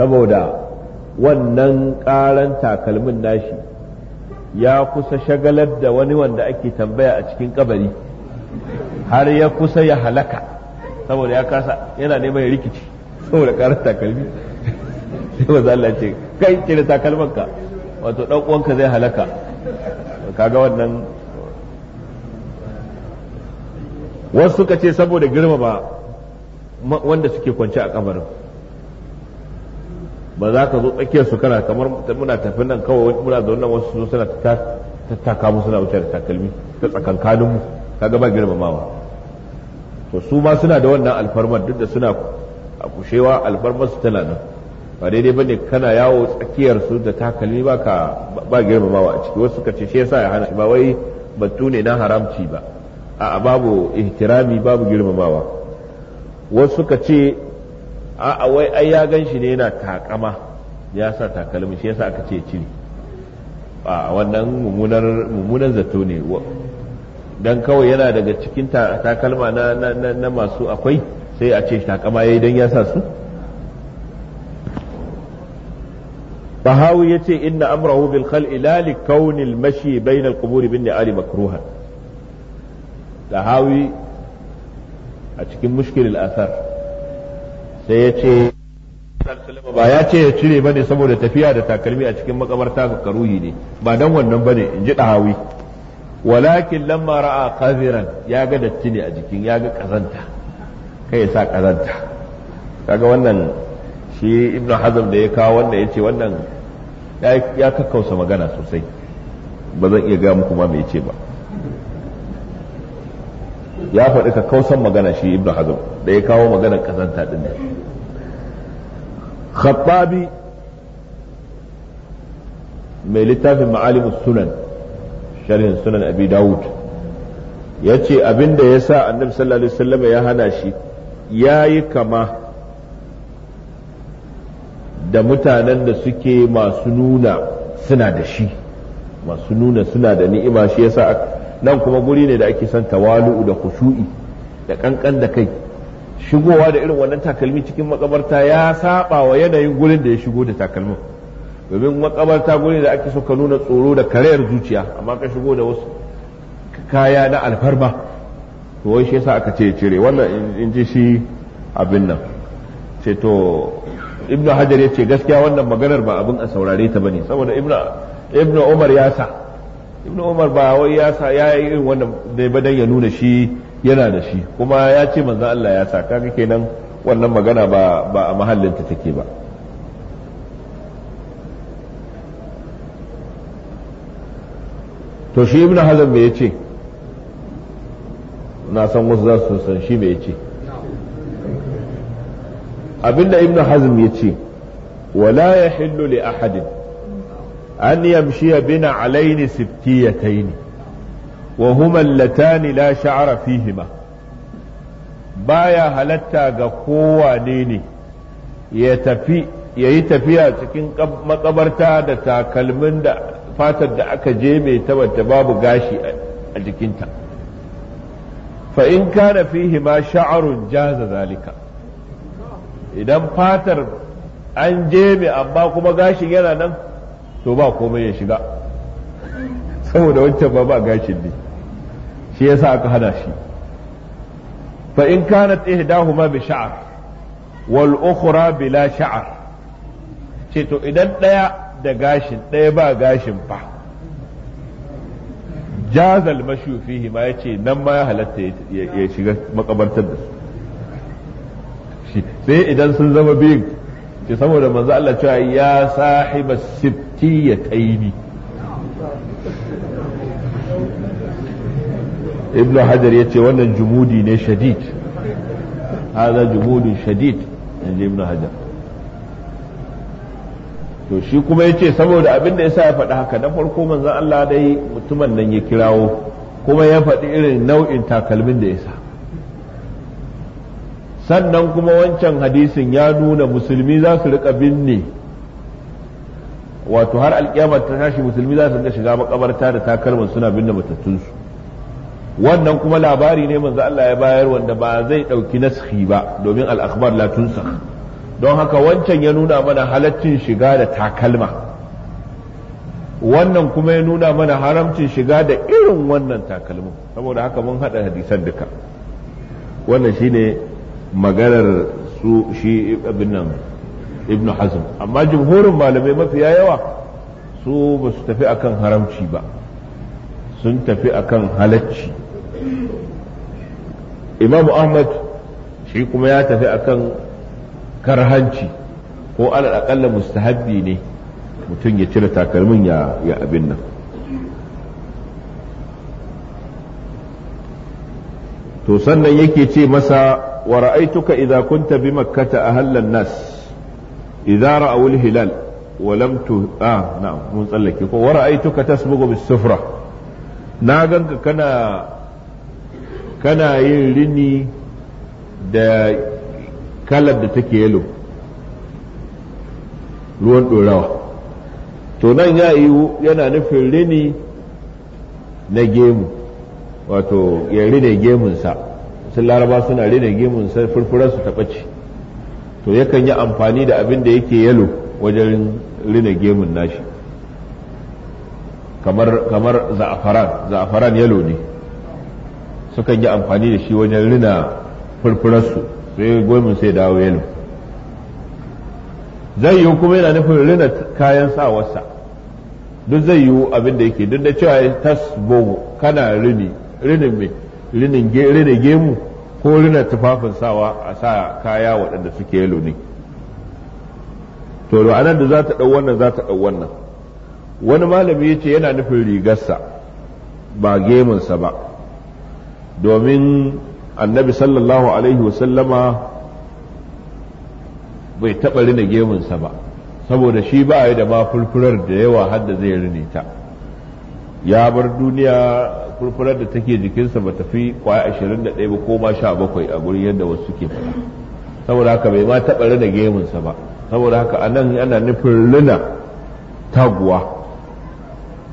saboda wannan karan takalmin nashi ya kusa shagalar da wani wanda ake tambaya a cikin kabari har ya kusa ya halaka saboda ya kasa yana neman ya rikici saboda karar takalmi [laughs] sai manzo Allah ce kai cire ka wato dan uwanka zai halaka kaga wannan wasu suka ce saboda girmama wanda suke kwance a kamarin ba za ka zo tsakiyar su kana kamar muna tafi nan kawai muna zaune wasu suna ta taka mu suna wuce da takalmi ta tsakankaninmu mu kaga ba girmamawa to su ma suna da wannan alfarmar duk da suna a kushewa alfarmar su tana nan ba daidai bane kana yawo tsakiyar su da takalmi ba ka ba girmamawa a ciki wasu suka ce shi yasa ya hana ba wai batu ne na haramci ba a babu ihtirami babu girmamawa wasu suka ce a wai ai ya gan shi ne yana takama ya sa takalmi shi yasa aka ce cire a wannan mummunar zato ne dan kawai yana daga cikin takalma na na masu akwai sai a ce takama yayi dan ya sa su bahawi yace inna amrahu bil khal'i la li kauni al mashi bayna al qubur bin ali makruha bahawi a cikin mushkil al athar sai yace ba ya ce ya cire bane saboda tafiya da takalmi a cikin makabarta ga karuhi ne ba dan wannan bane in ji dahawi walakin lamma a kafiran ya ga datti ne a jikin ya ga kazanta kai ya sa kazanta kaga wannan shi ibn hazm da ya kawo wanda ya ce wannan ya kakkausa magana sosai ba zan iya ga muku ma me ce ba ya faɗi ka magana shi ibn hazm da ya kawo maganar kazanta din nan mai littafin ma'alimus sunan sharhin sunan abi dawud ya ce abinda ya sa annabi sallallahu alaihi wasallam ya hana shi ya yi kama da mutanen da suke masu nuna suna da shi masu nuna suna da ni'ima shi yasa nan kuma guri ne da ake son tawalu'u da khushu'i da kankan da kai shigowa da irin wannan takalmi cikin makabarta ya saba wa yanayin gurin da ya shigo da takalmin domin makabarta guri da ake so ka nuna tsoro da karayar zuciya amma ka shigo da wasu kaya na alfarma to wai shi yasa aka ce cire wannan in ji shi abin nan ce to ibnu hajar ya ce gaskiya wannan maganar ba abin a saurare ta bane saboda ibnu umar ya sa ibnu umar ba wai ya sa ya yi irin wannan dai ba ya nuna shi yana da shi kuma ya ce manzo Allah ya sa kaga kenan wannan magana ba ba a mahallin ta take ba to shi ibn hazm me yace na san wasu za su san shi me yace abinda ibn hazm yace wala yahillu li ahadin an yamshi bina alaini sittiyataini wa huma allatani la sha'ra fihima baya halatta ga kowane ne ya tafi ya yi tafiya cikin makabarta da takalmin da fatar da aka je mai ta wadda babu gashi a jikinta fa in kana fihi ma sha'arun jaza zalika idan fatar an je mai amma kuma gashin yana nan to ba komai ya shiga saboda wancan ba ba gashin ne shi yasa aka hana shi fa in kanat ihdahuma bi sha'ar wal ukhra bila sha'ar ce to idan daya da gashin ɗaya ba gashin ba jazal mashu fihi ma ce nan ma ya halatta ya shiga makabartar da su sai idan sun zama biyun ce saboda manzo Allah cewa ya sahiba sittiyataini
ibnu hajar yace
wannan jumudi ne shadid hadha jumudun shadid inji ibnu hajar to shi kuma ya ce saboda abin da ya sa ya faɗi haka na farko manzan Allah dai mutumin nan ya kirawo kuma ya faɗi irin nau'in takalmin da ya sa sannan kuma wancan hadisin ya nuna musulmi za su riƙa binne wato har alƙiyamar ta tashi musulmi za su riƙa shiga makabarta da takalmin suna binne matattunsu wannan kuma labari ne manzo Allah ya bayar wanda ba zai ɗauki naskhi ba domin al-akhbar la tunsakh don haka wancan ya nuna mana halaccin shiga da takalma wannan kuma ya nuna mana haramcin shiga da irin wannan takalmin saboda haka mun haɗa hadisan duka wannan ne maganar su shi abin nan ibnu hazm amma jumhurin malamai mafi yawa su ba su tafi akan haramci ba sun tafi akan halacci imamu ahmad shi kuma ya tafi akan karhanci ko alal akalla mustahabbi ne mutum ya cire takalmin ya abin nan to sannan yake ce masa wa ra'aituka idza kunta bi makkata ahallan nas idza ra'awul hilal wa lam tu ah na'am mun tsallake ko wa ra'aituka tasbugu bis sufra na ganka kana kana yin rini da kalar da take yalo ruwan ɗorawa to nan ya yiwu yana nufin rini na gemu wato ya rine gemunsa sun laraba suna rine gemunsa furfurarsu ta ɓace to yakan yi amfani da abin da yake yalo wajen rine gemun nashi kamar kamar za'afaran za'afaran yalo ne sukan yi amfani da shi wajen rina furfurarsu sai gomin sai dawo yalo zai yi kuma yana nufin rina kayan sawarsa duk zai yi abin da yake duk da cewa tasbo kana rini rinin mai rinin rina gemu ko rina tufafin sawa a sa kaya waɗanda suke yalo ne to anan da za ta ɗau wannan za ta ɗau wannan wani malami ya ce yana nufin rigarsa ba gemunsa ba domin annabi sallallahu alaihi wasallama bai taɓa rina gemunsa ba saboda shi ba da ma furfurar da yawa hadda zai rine ta ya bar duniya furfurar da take jikinsa ba tafi kwaya ashirin da ɗaya ba ko ma sha bakwai a guri yadda wasu suke faɗa saboda haka bai ma taɓa rina gemunsa ba saboda haka a nan ana nufin rina taguwa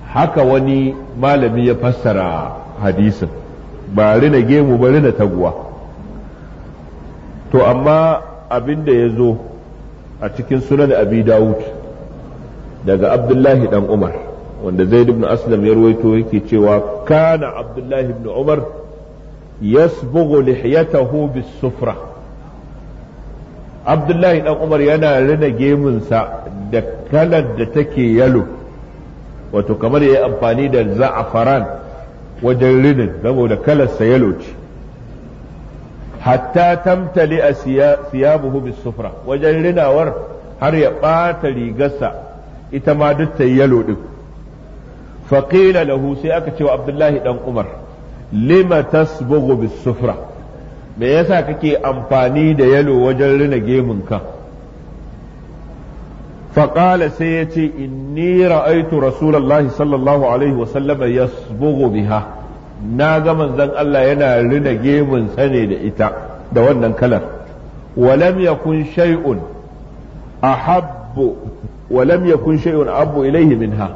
haka wani malami ya fassara hadisin ba rina gemu ba rina taguwa to amma abin da ya zo a cikin sunan abi dawud daga abdullahi dan umar wanda zaid ibn aslam ya ruwaito yake cewa kana abdullahi ibn umar yasbughu lihiyatahu bis-sufra abdullahi dan umar yana rina gemunsa da kalar da take yalo wato kamar ya yi amfani da za'afaran wajen rinin saboda kalarsa yalo ce hatta tamtali a siyabuhu bis sufra wajen rinawar har ya ɓata rigarsa ita ma duk ta yalo ɗin faƙila lahu sai aka cewa abdullahi ɗan umar lima tasbughu bis sufra me yasa kake amfani da yalo wajen rina gemunka faƙala sai ya ce inni ra'aitu rasulallahi sallallahu alaihi wasallama ya biha na ga manzon Allah yana rina gemun sane da ita da wannan kalar walam yakun shay'un ahabbu walam yakun shay'un minha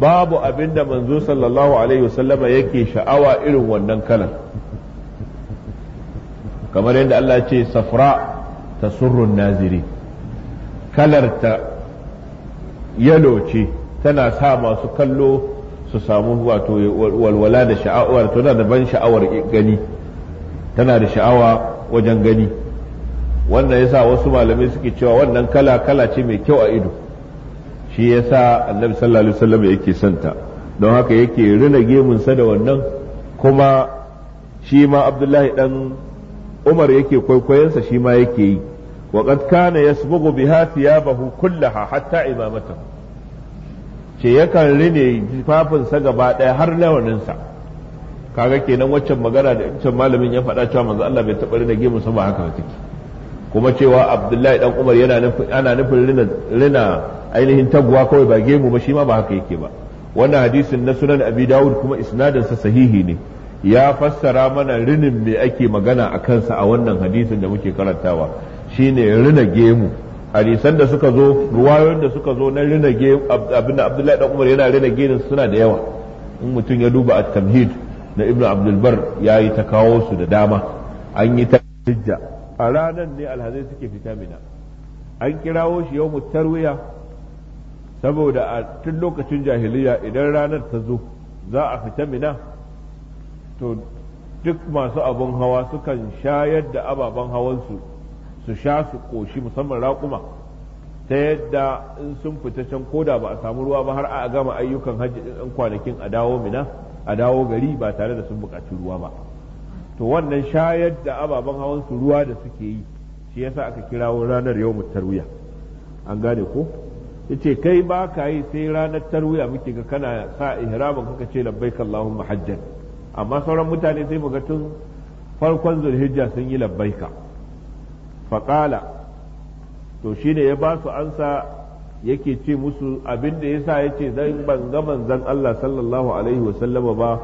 babu abinda manzo sallallahu alaihi wasallama yake sha'awa irin wannan kalar kamar yadda Allah ce safra tasurrun naziri kalar ta yalo ce tana sa masu kallo su samu wato walwala da sha'awar tana da ban sha'awar gani tana da sha'awa wajen gani wannan yasa wasu malamai suke cewa wannan kala kala ce mai kyau a ido shi yasa annabi sallallahu alaihi wasallam yake santa don haka yake rina gemun sa da wannan kuma shi ma abdullahi dan umar yake sa shi ma yake yi وقد كان يصبغ بها ثيابه كلها حتى إمامته ce yakan rine tufafinsa gaba ɗaya har lawaninsa kaga kenan waccan magana da waccan malamin ya fada cewa manzo Allah bai taɓa rina gemu ba haka take kuma cewa Abdullahi dan Umar yana nufin ana nufin rina rina ainihin taguwa kawai ba gemu ba shi ma ba haka yake ba wannan hadisin na sunan Abi Dawud kuma isnadin sa sahihi ne ya fassara mana rinin me ake magana a kansa a wannan hadisin da muke karantawa Shi ne rina gemu hadisan da suka zo ruwayoyin da suka zo na rina abin da Abdullahi dan Umar yana rina ne suna da yawa in mutum ya duba at-tamhid na Ibn Abdul Bar yayi ta kawo su da dama an yi ta hijja a ranar ne alhazai suke fita mina an kirawo shi yau tarwiya saboda a tun lokacin jahiliya idan ranar ta zo za a fita mina to duk masu abin hawa sukan shayar da ababen hawansu su sha su ƙoshi musamman raƙuma ta yadda in sun fita can koda ba a samu ruwa ba har a gama ayyukan hajji ɗin kwanakin a dawo mina a dawo gari ba tare da sun buƙaci ruwa ba to wannan shayar da ababen hawan su ruwa da suke yi shi yasa aka kirawo ranar yau tarwiya an gane ko yace kai ba ka yi sai ranar tarwiya muke ga kana sa ihramin kuka ce labbaik allahumma hajjan amma sauran mutane sai ga tun farkon zulhijja sun yi labbaika faƙala to shi ne ya ba su ansa yake ce musu abin da ya sa ya ce zan ban ga manzan Allah sallallahu alaihi wasallama ba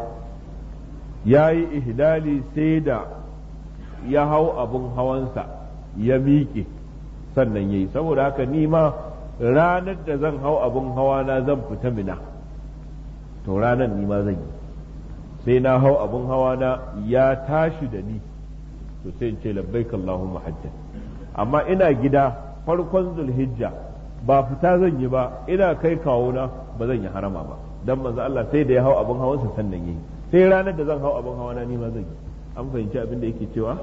ya yi ihdali sai da ya hau abin hawansa ya miƙe sannan ya yi saboda haka ni ranar da zan hau abin hawa na zan fita mina to ranar ni zan yi sai na hau abin hawa na ya tashi da ni to sai in ce labbaik Allahumma hajjan amma ina gida farkon zulhijja ba fita zan yi ba ina kai kawuna ba zan yi harama ba dan manzo Allah sai da ya hau abin sa sannan yi sai ranar da zan hau abin hawana ni ma zan yi an fahimci abin da yake cewa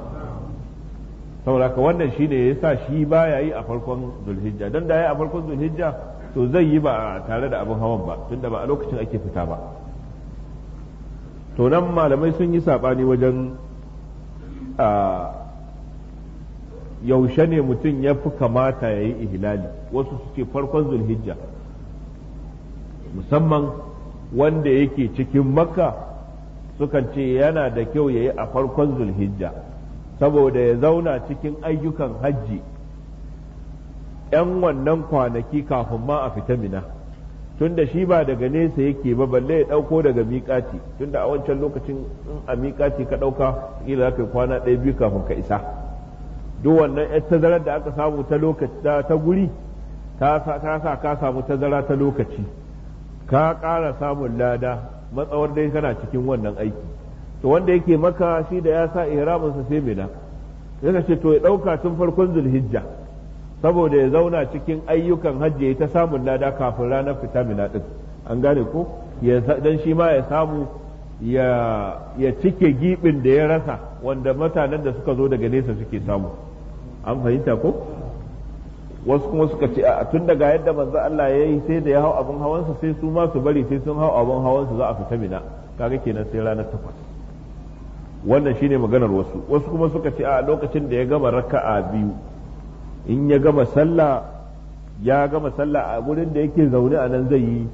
saboda ka wannan shine yasa shi ba ya yi a farkon zulhijja dan da yi a farkon zulhijja to zai yi ba tare da abin hawan ba tunda ba a lokacin ake fita ba to nan malamai sun yi sabani wajen a yaushe ne mutum ya fi kamata ya yi ihilali wasu suke farkon zulhijja musamman wanda yake cikin makka sukan ce yana da kyau ya yi a farkon zulhijja saboda ya zauna cikin ayyukan hajji 'yan wannan kwanaki kafin ma a fita mina tunda shi ba daga nesa yake ba balle ya ɗauko daga miƙati tunda a wancan lokacin in a miƙati ka ɗauka kila za ka kwana ɗaya biyu kafin ka isa duk wannan yan tazarar da aka samu ta lokaci ta guri ta sa ka samu tazara ta lokaci ka ƙara samun lada matsawar dai kana cikin wannan aiki to wanda yake maka shi da ya sa ihraminsa sai mina sai ka ce to ya ɗauka tun farkon zulhijja saboda ya zauna cikin ayyukan hajji ya ta samun lada kafin ranar fita mina din an gane ko dan shi ma ya samu ya cike gibin da ya rasa wanda mutanen da suka zo daga nesa suke samu an fahimta ko wasu kuma suka ce a tun daga yadda manzo Allah ya yi sai da ya hau abin hawansa sai su ma su bari sai sun hau abin hawansa za a fita mina kaga kenan sai ranar takwas wannan shine maganar wasu wasu kuma suka ce a lokacin da ya gama raka'a biyu in ya gama sallah ya gama sallah a wurin da yake zaune a nan zai yi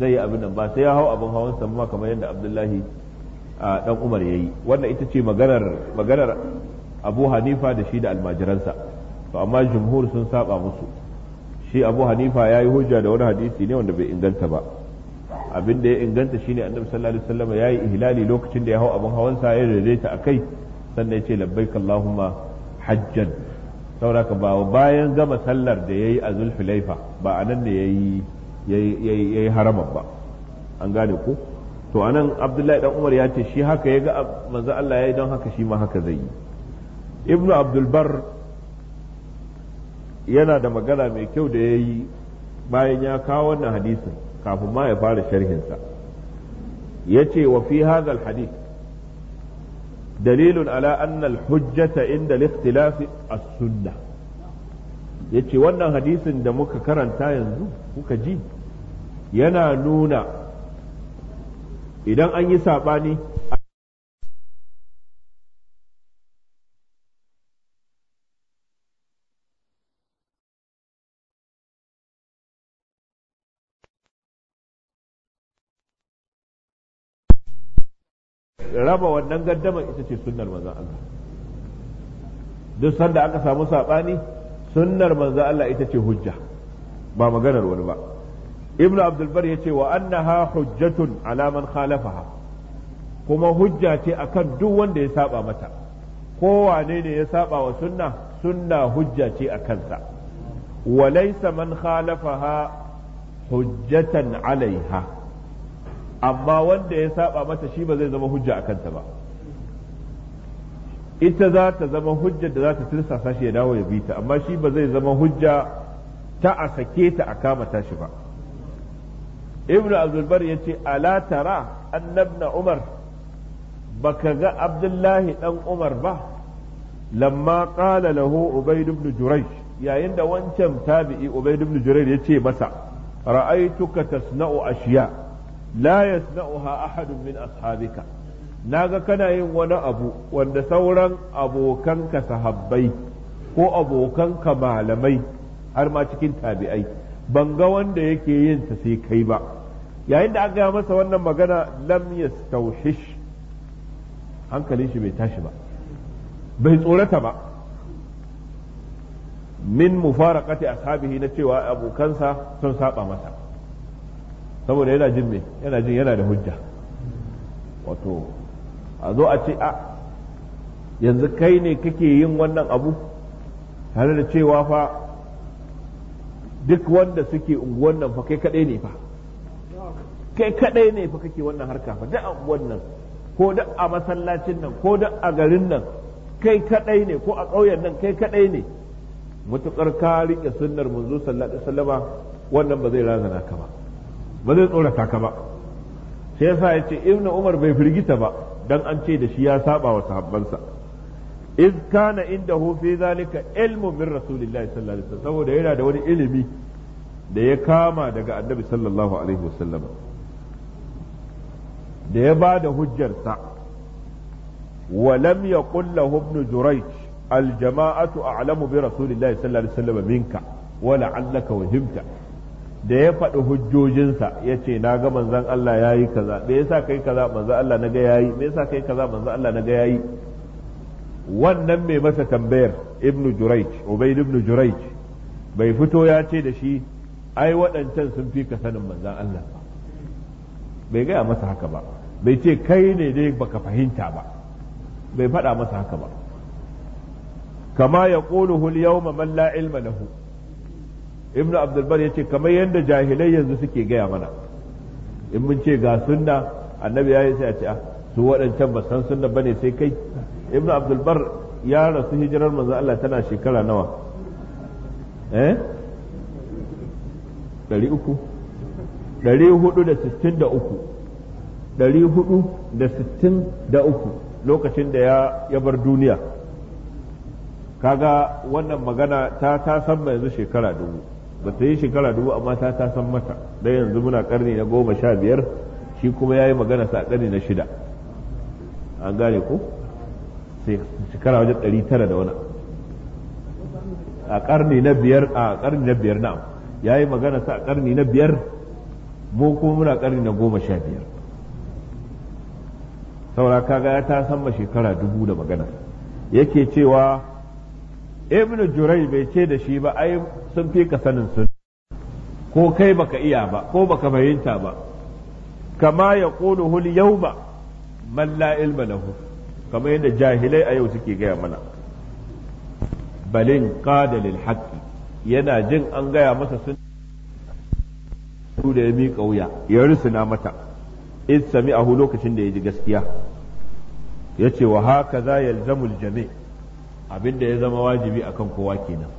zai yi abin nan ba sai ya hau abin hawan sama kamar yadda abdullahi a dan umar ya yi wannan ita ce maganar maganar abu hanifa da shi da almajiransa to amma jumhur sun saba musu shi abu hanifa ya yi hujja da wani hadisi ne wanda bai inganta ba abin da ya inganta shine annabi sallallahu alaihi wasallam ya yi ihlali lokacin da ya hau abin sa ya daidaita akai sannan ya ce labbaik allahumma hajjan sauraka ba bayan gama sallar da ya yi a zulhulaifa ba a nan ne ya yi haramar ba an gane ku to a nan abdullahi dan umar ya ce shi haka ya ga manzo Allah ya yi don haka shi ma haka zai yi ibnu Abdulbar yana da magana mai kyau da ya yi bayan ya kawo wannan hadisin kafin ma ya fara sharhinsa yace wa fi hadha hadith dalilun ala hujjata inda likhtilafi as-sunna yace wannan hadisin da muka karanta yanzu kuka ji yana nuna idan an yi saɓani. raba wannan gaddama ita ce sunnar manzon Allah duk sanda aka samu saɓani sunnar manzon Allah ita ce hujja ba maganar wani ba ibnu abdulbar ya ce wa annaha hujjatun ala man khalafaha kuma hujja ce akan duk wanda ya saba mata wane ne ya saba wa sunna sunna hujja ce a kansa wa laysa man khalafaha hujjatan alaiha amma wanda ya saba mata shi ba zai zama hujja a kanta ba ita za ta zama hujjar da za ta tirsasa shi ya dawo ya bi ta amma shi ba zai zama hujja ta a sake ta a kama ta shi ba ibn abdulbar ya ce ala tara annabna umar baka ga abdullahi dan umar ba lamma qala lahu ubayd ibn jurayj yayin da wancan tabi'i ubayd ibn jurayj ya ce masa ra'aytuka tasna'u ashiya' la yasna'uha ahadun min ashabika naga kana yin wani abu wanda sauran abokanka sahabbai ko abokanka malamai har ma cikin tabi'ai ban ga wanda yake yin ta sai kai ba yayin da aka yi masa wannan magana lam yastawhish hankalin shi bai tashi ba bai tsorata ba min mufaraqati ashabihi na cewa abokansa sun saba masa saboda yana jin me yana jin yana da hujja wato a zo a ce a yanzu kai ne kake yin wannan abu tare da cewa fa duk wanda suke unguwan nan fa kai kadai ne fa kai kadai ne fa kake wannan harka fa duk unguwan nan ko duk a masallacin nan ko duk a garin nan kai kadai ne ko a ƙauyen nan kai kadai ne mutukar ka rike sunnar manzo sallallahu alaihi wasallama wannan ba zai razana ka ba ba zai tsorata ka ba sai yasa ya ce ibnu umar bai firgita ba dan an ce da shi ya saba wa sahabbansa iz kana indahu fi zalika ilmu min rasulillahi sallallahu alaihi wasallam saboda yana da wani ilimi da ya kama daga annabi sallallahu alaihi wasallam da ya ba da hujjarsa wa lam yaqul lahu ibn jurayj al jama'atu a'lamu bi rasulillahi sallallahu alaihi wasallam minka wa la'allaka wahimta da ya faɗi hujjojinsa ya ce na ga manzan Allah ya yi kaza me yasa kai kaza manzan Allah na ga ya yi me yasa kai kaza manzan Allah na ga ya yi wannan mai masa tambayar Ibn juraij ubaid Ibn juraij bai fito ya ce da shi ai waɗancan sun fi ka sanin manzan Allah ba bai gaya masa haka ba bai ce kai ne dai baka fahimta ba bai faɗa masa haka ba kama ya ƙuluhu yawma man la ilma lahu ibn abdulbar ya ce kamar yadda jahilai yanzu suke gaya mana in mun ce ga sunna annabi ya yi sai a ce ah, su waɗancan ba san sunna bane sai kai ibn abdulbar ya rasu hijirar manzo Allah tana shekara nawa eh ɗari uku ɗari hudu da sittin da uku ɗari hudu da sittin da uku lokacin da ya bar duniya kaga wannan magana ta ta san yanzu shekara dubu ba ta yi shekara dubu amma ta ta san mata da yanzu muna karni na goma sha biyar shi kuma ya yi magana sa karni na shida an gane ko sai shekara wajen ɗari tara da wani a karni na biyar a karni na biyar na ya yi magana sa karni na biyar mu kuma muna karni na goma sha biyar saura kaga ya ta san ma shekara dubu da magana yake cewa ibn jurai bai ce da shi ba ai sun fi ka sanin sun ko kai baka iya ba ko baka fahimta ba kama ya ƙona hul yauma man la ilma lahu kamar yadda jahilai a yau suke gaya mana balin qada lil haqqi yana jin an gaya masa sun da ya miƙa wuya ya rusuna mata id sami'ahu lokacin da ya ji gaskiya yace wa haka za yalzamul jami' abin da ya zama wajibi akan kowa kenan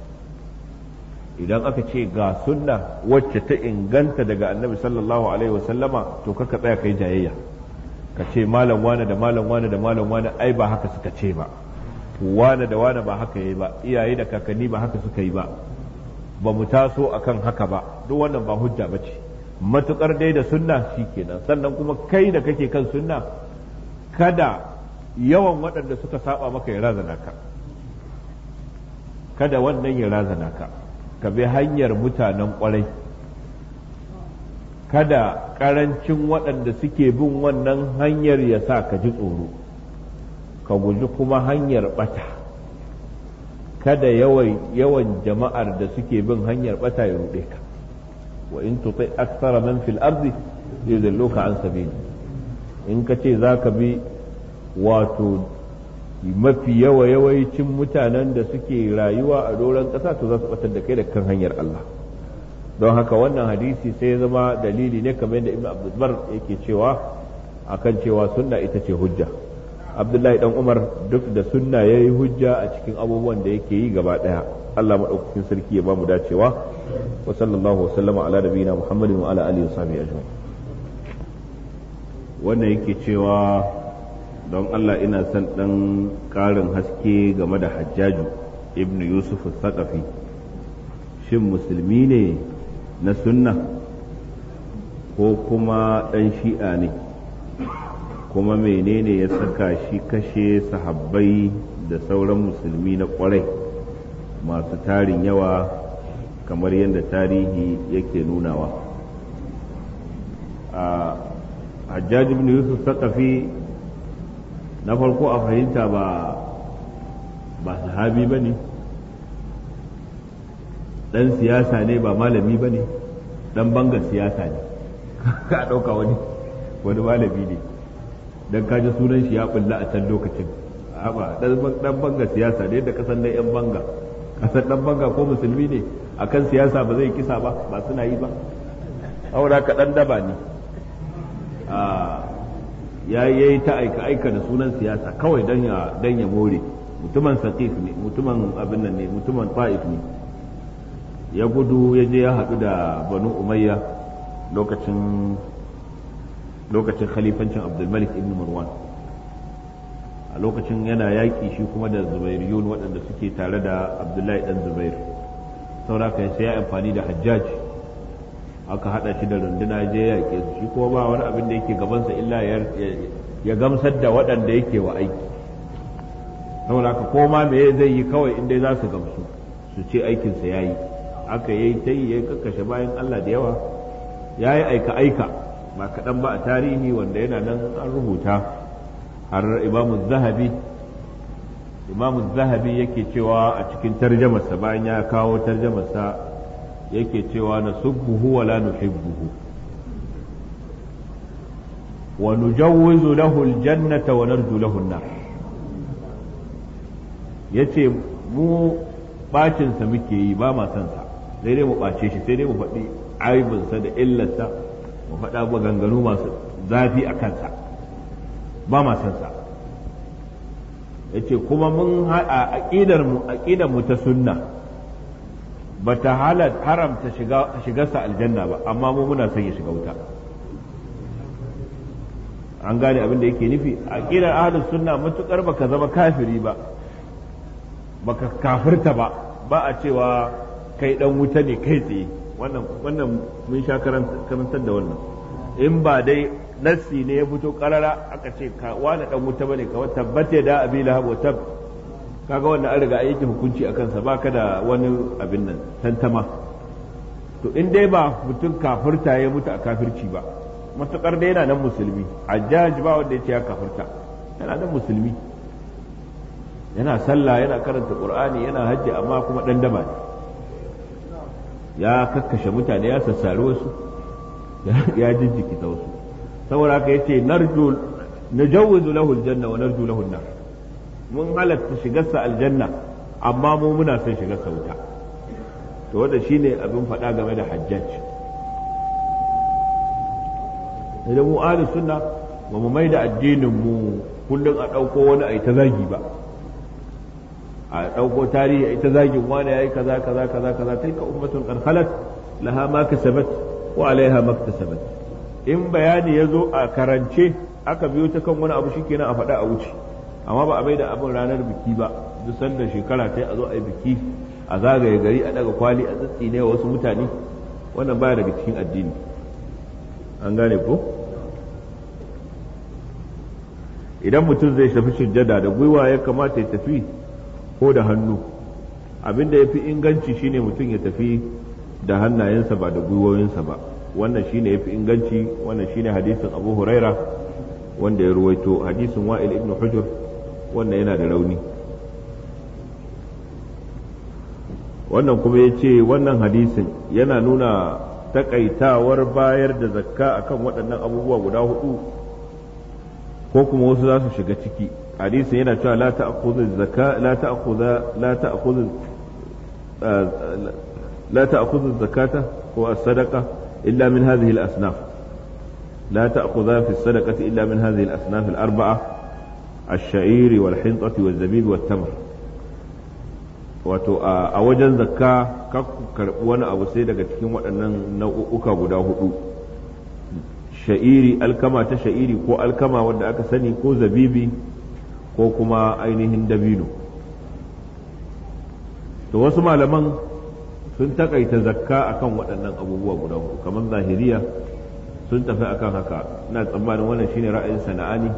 idan aka ce ga sunna wacce ta inganta daga annabi sallallahu alaihi wasallama to kaka tsaya kai jayayya ka ce malam wane da malam wane da malam wane ai ba haka suka ce ba wane da wane ba haka yi ba iyaye da kakanni ba haka suka yi ba ba mu taso akan haka ba duk wannan ba hujja ba ce matukar dai da sunna kenan sannan kuma kai da kake kan sunna kada yawan waɗanda suka saba maka ya razana ka kada wannan ya razana ka ka bi hanyar mutanen kwarai kada karancin waɗanda suke bin wannan hanyar ya sa ka ji tsoro ka guji kuma hanyar ɓata kada yawan jama'ar da suke bin hanyar ɓata ya ruɗe ka wa in tuti aksara man fil ardi ka an sabi in ka ce za ka bi wato mafi yawa yawancin mutanen da suke rayuwa a doron ƙasa to za su batar da kai da kan hanyar Allah don haka wannan hadisi sai ya zama dalili ne kamar yadda ibnu abdulbar yake cewa akan cewa sunna ita ce hujja abdullahi dan umar duk da sunna ya yi hujja a cikin abubuwan da yake yi gaba daya allah maɗaukakin sarki ya ba mu dacewa wa sallallahu wa sallama ala muhammadin wa ala alihi wa sahbihi ajma'in wannan yake cewa don Allah ina son ɗan ƙarin haske game da hajjaju ibn yusuf Saƙafi, shin musulmi ne na sunna ko kuma ɗan shi'a ne kuma menene ya saka shi kashe sahabbai da sauran musulmi na ƙwarai masu tarin yawa kamar yadda tarihi yake nunawa a hajjaji ibn yusuf sakafi na farko a fahimta ba ba sahabi ba ne ɗan siyasa ne ba malami ba ne ɗan bangar siyasa ne [laughs] ka ɗauka wani wani malami ne don kaji sunan shi ya ɓulla a can lokacin haɓa ɗan bangar siyasa ne da kasan na 'yan banga ƙasar ɗan banga ko musulmi ne akan siyasa ba zai kisa ba ba suna yi ba aura ka ɗan daba ne ah. ya yi ta aika aika da sunan siyasa kawai dan ya dan ya more mutumin saqif ne mutumin abin nan ne mutumin ta'if ne ya gudu ya je ya haɗu da banu umayya lokacin lokacin khalifancin abdulmalik ibn marwan a lokacin yana yaƙi shi kuma da yun waɗanda suke tare da abdullahi ɗan zubair sauraka sai ya amfani da hajjaji aka hada shi da runduna je ya ke shi kuma ba wani abin da yake gabansa illa ya gamsar da waɗanda yake wa aiki saboda haka koma me zai yi kawai inda za su gamsu su ce aikinsa ya yi aka yi ta yi ya kakkashe bayan Allah da yawa ya yi aika aika ba kaɗan ba a tarihi wanda yana nan an rubuta har imamu zahabi imamu zahabi yake cewa a cikin tarjamarsa bayan ya kawo tarjamarsa yake cewa na na wa la nuhibbuhu wa nujawwizu lahu aljannata wa narju lahu an-nar yace mu bacin sa muke yi ba ma san sa sai dai mu bace shi sai dai mu faɗi aibin sa da illarsa mu faɗa maganganu masu zafi a kansa ba ma san sa yace kuma mun haɗa aqidar mu aqidar mu ta sunna ba ta haramta shigarsa aljanna ba amma mu muna son ya shiga wuta an gane abin da yake nufi a ƙirar ahalin sunna matukar baka zama kafiri ba baka kafirta ba ba a cewa kai dan wuta ne kai tsaye wannan mun sha karantar da wannan in ba dai nassi ne ya fito karara aka ce ka wani dan wuta bane ka tabbata da abi lahab kaga wannan an riga yake hukunci a kansa ba ka da wani abin nan tantama to in dai ba mutum kafirta ya mutu a kafirci ba matukar dai yana nan musulmi hajjaj ba wanda ya ce ya kafirta yana nan musulmi yana sallah yana karanta qur'ani yana hajji amma kuma dan daba ne ya kakkashe mutane ya sassare wasu [laughs] ya ta wasu saboda haka yace narju najawwizu lahu aljanna wa narju lahu an-nar mun halatta shigarsa aljanna amma mu muna son shigarsa wuta to wanda shine abin faɗa game da hajjaj idan mu ahli sunna ba mu mai da addinin mu kullum a ɗauko wani a ta zagi ba a ɗauko tarihi a ita zagin wani ya yi kaza kaza kaza kaza ka ummatun qad khalat laha ma kasabat wa alaiha ma kasabat in bayani ya zo a karance aka biyo ta kan wani abu shikenan a faɗa a wuce amma ba a bai da abin ranar biki ba duk sanda shekara ta a zo a yi biki a zagaye gari a daga kwali a tsitsi ne wa wasu mutane wannan baya daga cikin addini an gane ko idan mutum zai tafi sujjada da gwiwa ya kamata ya tafi ko da hannu abin da ya fi inganci shine mutum ya tafi da hannayensa ba da gwiwoyinsa ba wannan shine ya fi inganci wannan shine hadisin abu huraira wanda ya ruwaito hadisin wa'il ibn hujr wannan yana da rauni wannan kuma ya ce wannan hadisin yana nuna takaitawar bayar da zakka akan waɗannan abubuwa guda hudu ko kuma wasu za su shiga ciki hadisin yana cewa la ta'khudhu zakka la ta'khudha la ta'khudhu uh, la ta'khudhu zakata ko as-sadaqa illa min hadhihi al-asnaf la ta'khudha fi as-sadaqati illa min hadhihi al-asnaf al-arba'a الشعير والحنطة والزبيب والتمر wato a wajen zakka ka karɓi wani abu sai daga cikin waɗannan nau'uka guda hudu sha'iri alkama ta sha'iri ko alkama wanda aka sani ko zabibi ko kuma ainihin dabino to wasu malaman sun takaita zakka akan waɗannan abubuwa guda hudu kamar zahiriya sun tafi akan haka ina tsammanin wannan shine ra'ayin sana'ani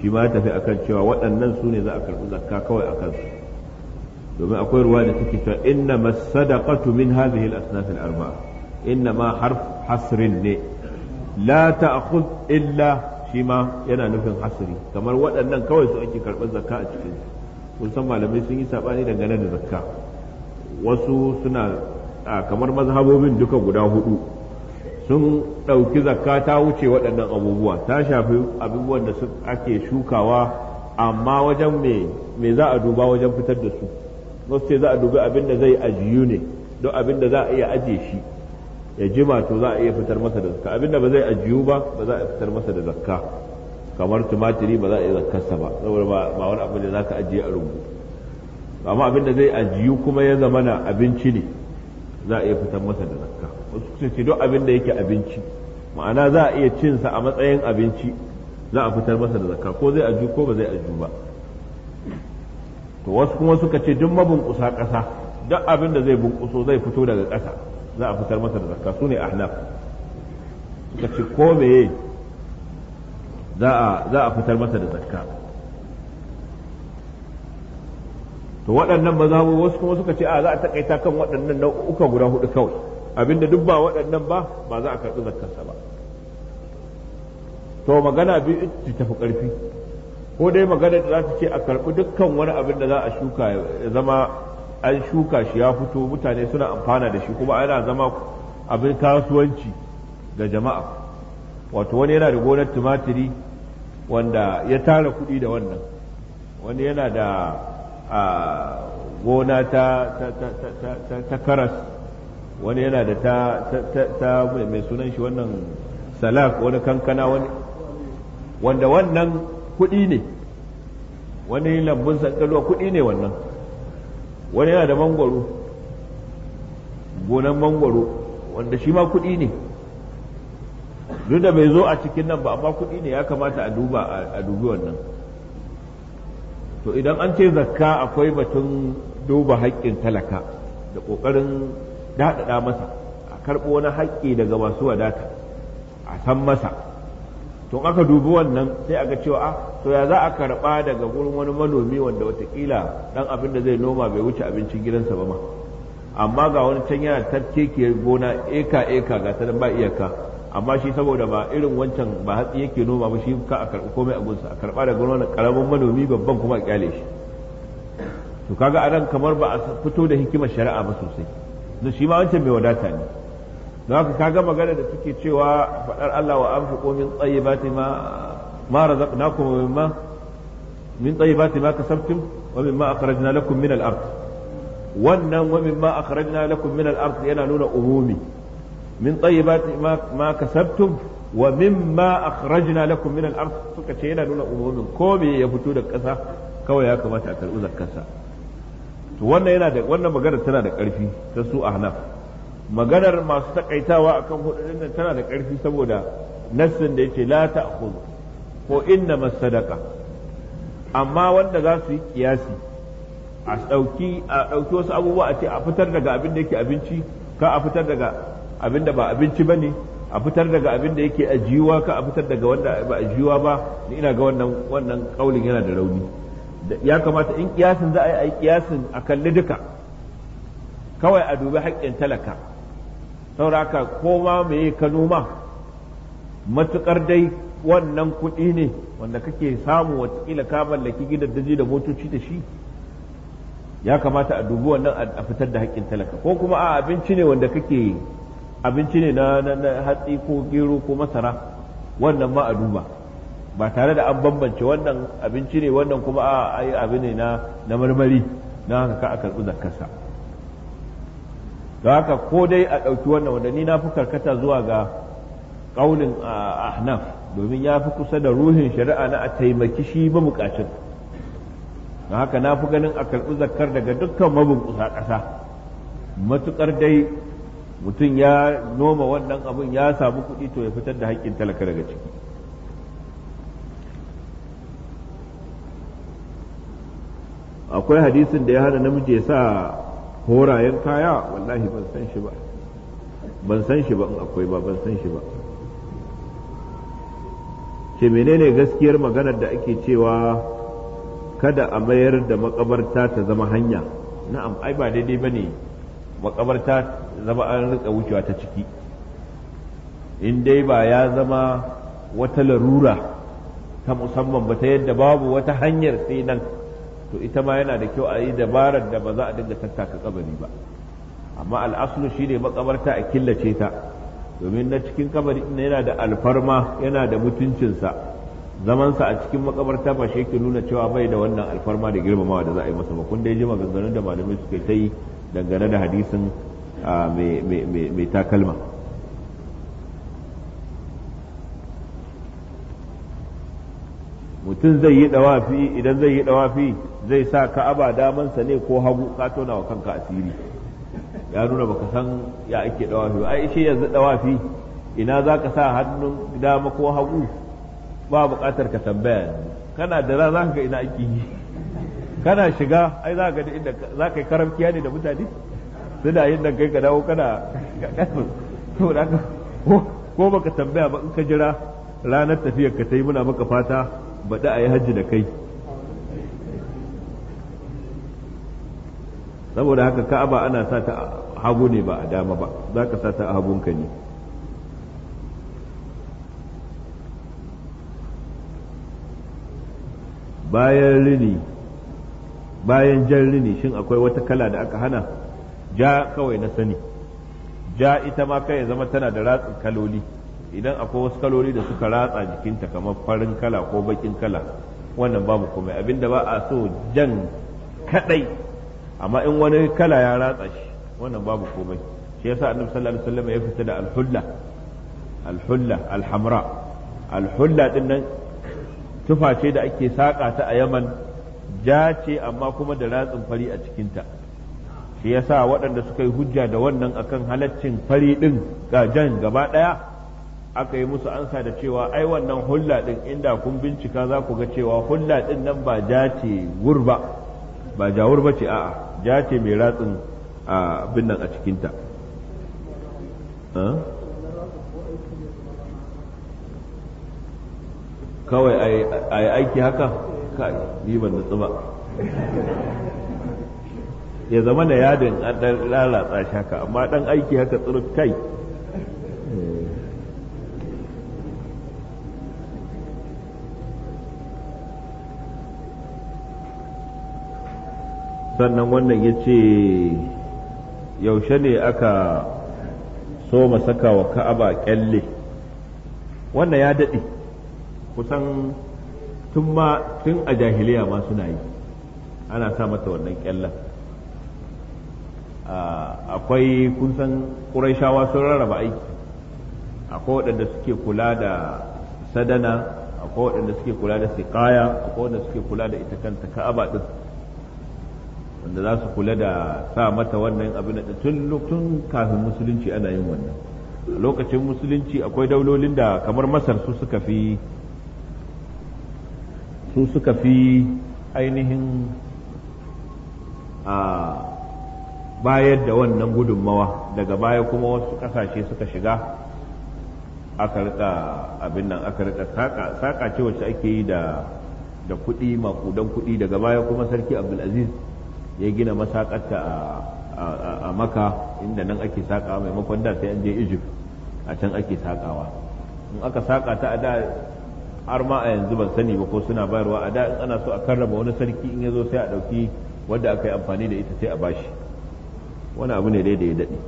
shi ma ya tafi akan cewa waɗannan su ne za a karɓi zakka kawai a kansu domin akwai ruwa da take cewa inna masadaqatu min hadhihi al-asnaf al-arba'a inna ma harf hasrin ne la ta'khudh illa shi ma yana nufin hasri kamar waɗannan kawai su ake karɓar zakka a cikin kun san malamai sun yi sabani dangane da zakka wasu suna kamar mazhabobin duka guda hudu sun ɗauki zakka ta wuce waɗannan abubuwa ta shafi abubuwan da ake shukawa amma wajen me za a duba wajen fitar da su wasu ce za a dubi abin da zai ajiyu ne don abin da za a iya aje shi ya jima to za a iya fitar masa da zakka abin da ba zai ajiyu ba ba za a fitar masa da zakka kamar tumatiri ba za a iya zakkarsa ba saboda ba wani abin da za ka ajiye a rubu amma abin da zai ajiyu kuma ya zamana abinci ne za a iya fitar masa da zakka wasu ce duk abin da yake abinci ma'ana za a iya cinsa a matsayin abinci za a fitar masa da zakka ko zai aju ko ba zai aju ba to wasu kuma suka ce duk mabunkusa ƙasa duk abin da zai bunkuso zai fito daga ƙasa za a fitar masa da zakka su ne ahnaf suka ce ko meye za a fitar masa da zakka to waɗannan mazamu wasu kuma suka ce a za a taƙaita kan waɗannan nau'uka guda hudu kawai abinda duk ba waɗannan ba ba za a karɓi zakkarsa ba to magana biyu ita tafi ƙarfi ko dai magana da za ta ce a karɓi dukkan wani abin da za a shuka ya zama an shuka shi ya fito mutane suna amfana da shi kuma ana zama abin kasuwanci ga jama'a wato wani yana da gonar tumatiri wanda ya tara kuɗi da wannan wani yana da ah, gona ta, karas wani yana da ta ta mai sunan shi wannan salak wani kankana wani wanda wannan kuɗi ne wani lambun sankalwa kuɗi ne wannan wani yana da mangwaro gonan mangwaro wanda shi ma kuɗi ne duk da bai zo a cikin nan ba amma kuɗi ne ya kamata a duba a dubi wannan to idan an ce zakka akwai batun duba haƙƙin talaka da ƙoƙarin daɗaɗa masa a karɓo wani haƙƙi daga masu wadata a san masa tun aka dubi wannan sai aga cewa a ah, to ya za a karɓa daga gurin wani manomi wanda watakila ɗan abin da zai noma bai wuce abincin gidansa ba ma amma ga wani can yana tattekiyar gona eka eka ga ta ba iyaka amma shi saboda ba irin wancan ba hatsi yake noma ba shi ka a karɓi komai a gunsa a karɓa daga wani ƙaramin manomi babban kuma a kyale shi to kaga a nan kamar ba a fito da hikimar shari'a ba sosai da shi ma wancan mai wadata ne don haka kaga magana da suke cewa faɗar Allah wa an anfiqu min tayyibati ma ma razaqnakum wa mimma min tsaye ba ta ma kasabtum wa min ma mimma akhrajna lakum min al-ard wannan wa min ma mimma akhrajna lakum min al-ard yana nuna umumi min tsaye tayyibati ma ma kasabtum wa min mimma akhrajna lakum min al-ard suka ce yana nuna umumin ko me ya fito da ƙasa kawai ya kamata a karɓi zakkarsa to wannan yana da wannan maganar tana da ƙarfi ta su ahnaf maganar masu takaitawa akan hudu nan tana da ƙarfi saboda nassin da yake la ta'khudhu ko inna masadaka amma wanda za su yi kiyasi a ɗauki a ɗauki wasu abubuwa a ce a fitar daga abin da yake abinci ka a fitar daga abin da ba abinci bane a fitar daga abin da yake ajiwa ka a fitar daga wanda ba ajiwa ba ni ina ga wannan wannan kaulin yana da rauni ya kamata in kiyasin za a yi a kiyasin a kalli duka kawai a dubi haƙƙin talaka sauraka ko ma me ka noma matuƙar dai wannan kuɗi ne wanda kake samu watakila ka mallaki gidan daji da motoci da shi ya kamata a dubi wannan a fitar da haƙƙin talaka ko kuma a abinci ne wanda kake abinci ne na hatsi ko gero ko masara wannan ma a duba ba tare da an bambance wannan abinci ne wannan kuma a ayi abu ne na na marmari na haka ka a karɓi zakkarsa don haka ko dai a ɗauki wannan wanda ni na fi karkata zuwa ga ƙaunin ahnaf domin ya fi kusa da ruhin shari'a na a taimaki shi mabukacin don haka na fi ganin a karɓi zakkar daga dukkan mabunkusa ƙasa matukar dai mutum ya noma wannan abun ya samu kuɗi to ya fitar da haƙƙin talaka daga ciki akwai hadisin da ya hana namiji ya sa horayen kaya wallahi ban san shi ba ban san shi ba in akwai ba ban san shi ba ke menene gaskiyar maganar da ake cewa kada a mayar da makabarta ta zama hanya na'am ai ba daidai ne makabarta zama an rika wucewa ta ciki in dai ba ya zama wata larura ta musamman ba ta yadda babu wata hanyar sai nan to ita ma yana da kyau a yi dabarar da ba za a dinga tattaka kabari ba amma al'aslu shine makabarta a killace ta domin na cikin kabari ina yana da alfarma yana da mutuncinsa zamansa a cikin makabarta ba shi yake nuna cewa bai da wannan alfarma da girmamawa da za a yi masa ba kun dai ji maganganun da malamai suka ta yi dangane da hadisin mai takalma mutum zai yi dawafi idan zai yi dawafi zai sa ka daman damansa ne ko hagu ka tona wa kanka asiri ya nuna baka san ya ake dawafi ai shi yanzu dawafi ina za ka sa hannun dama ko hagu ba buƙatar ka tambaya kana da za ka ina ake yi kana shiga ai za ka inda za ka yi karamkiya ne da mutane suna yin nan kai ka dawo kana to [laughs] da ko baka tambaya ba in ka jira ranar tafiyar ka ta yi muna maka fata baɗi a yi hajji da kai saboda haka ka'aba ana sa ta hagu ne ba a dama ba za ka sa ta a hagunka ne bayan rini bayan jan rini shin akwai wata kala da aka hana ja kawai na sani ja ita ma kai zama tana da ratsin kaloli idan akwai wasu kaloli da suka ratsa jikinta kamar farin kala ko bakin kala wannan babu komai abinda ba a so jan kadai amma in wani kala ya ratsa shi wannan babu komai shi yasa annabi sallallahu alaihi wasallam ya fita da alhulla alhulla alhamra alhulla din nan tufa da ake saka ta a Yaman jace ce amma kuma da ratsin fari a cikinta shi yasa waɗanda suka yi hujja da wannan akan halaccin fari din ga jan gaba ɗaya aka yi musu ansa da cewa ai wannan hulla din inda kun bincika za ku ga cewa hulla din nan ba ja ce gurba ba jawur ba ce a'a ja ce mai ratsin abin nan a cikinta kawai a yi aiki haka kai ni ban nutsu ba ya zama na yadin an ɗan lalata shaka amma dan aiki haka tsirin kai sannan wannan ya ce yaushe ne aka so masaka wa ka'aba kyalle wannan ya daɗe kusan tun ma tun a jahiliya ma suna yi ana sa mata wannan kyallen ah, akwai kusan san sun rarraba aiki akwai waɗanda suke kula da sadana akwai waɗanda suke kula da sikaya akwai waɗanda suke kula da ita kanta ka'aba ɗin wanda za su kula da sa mata wannan abin da tun lokacin kafin musulunci ana yin wannan lokacin musulunci akwai daulolin da kamar masar su suka fi su suka fi ainihin a bayar da wannan gudunmawa daga baya kuma wasu kasashe suka shiga aka rika abin nan aka rika saka ce wacce ake yi da kuɗi makudan kuɗi daga baya kuma sarki abdulaziz ya gina masakarta a maka inda nan ake sakawa maimakon da sai an je egypt a can ake sakawa in aka saka ta a da har ma a yanzu ban sani ba ko suna bayarwa a da in ana so a karrama wani sarki in ya zo sai a ɗauki wadda aka yi amfani da ita sai a bashi wani abu ne dai da ya daɗe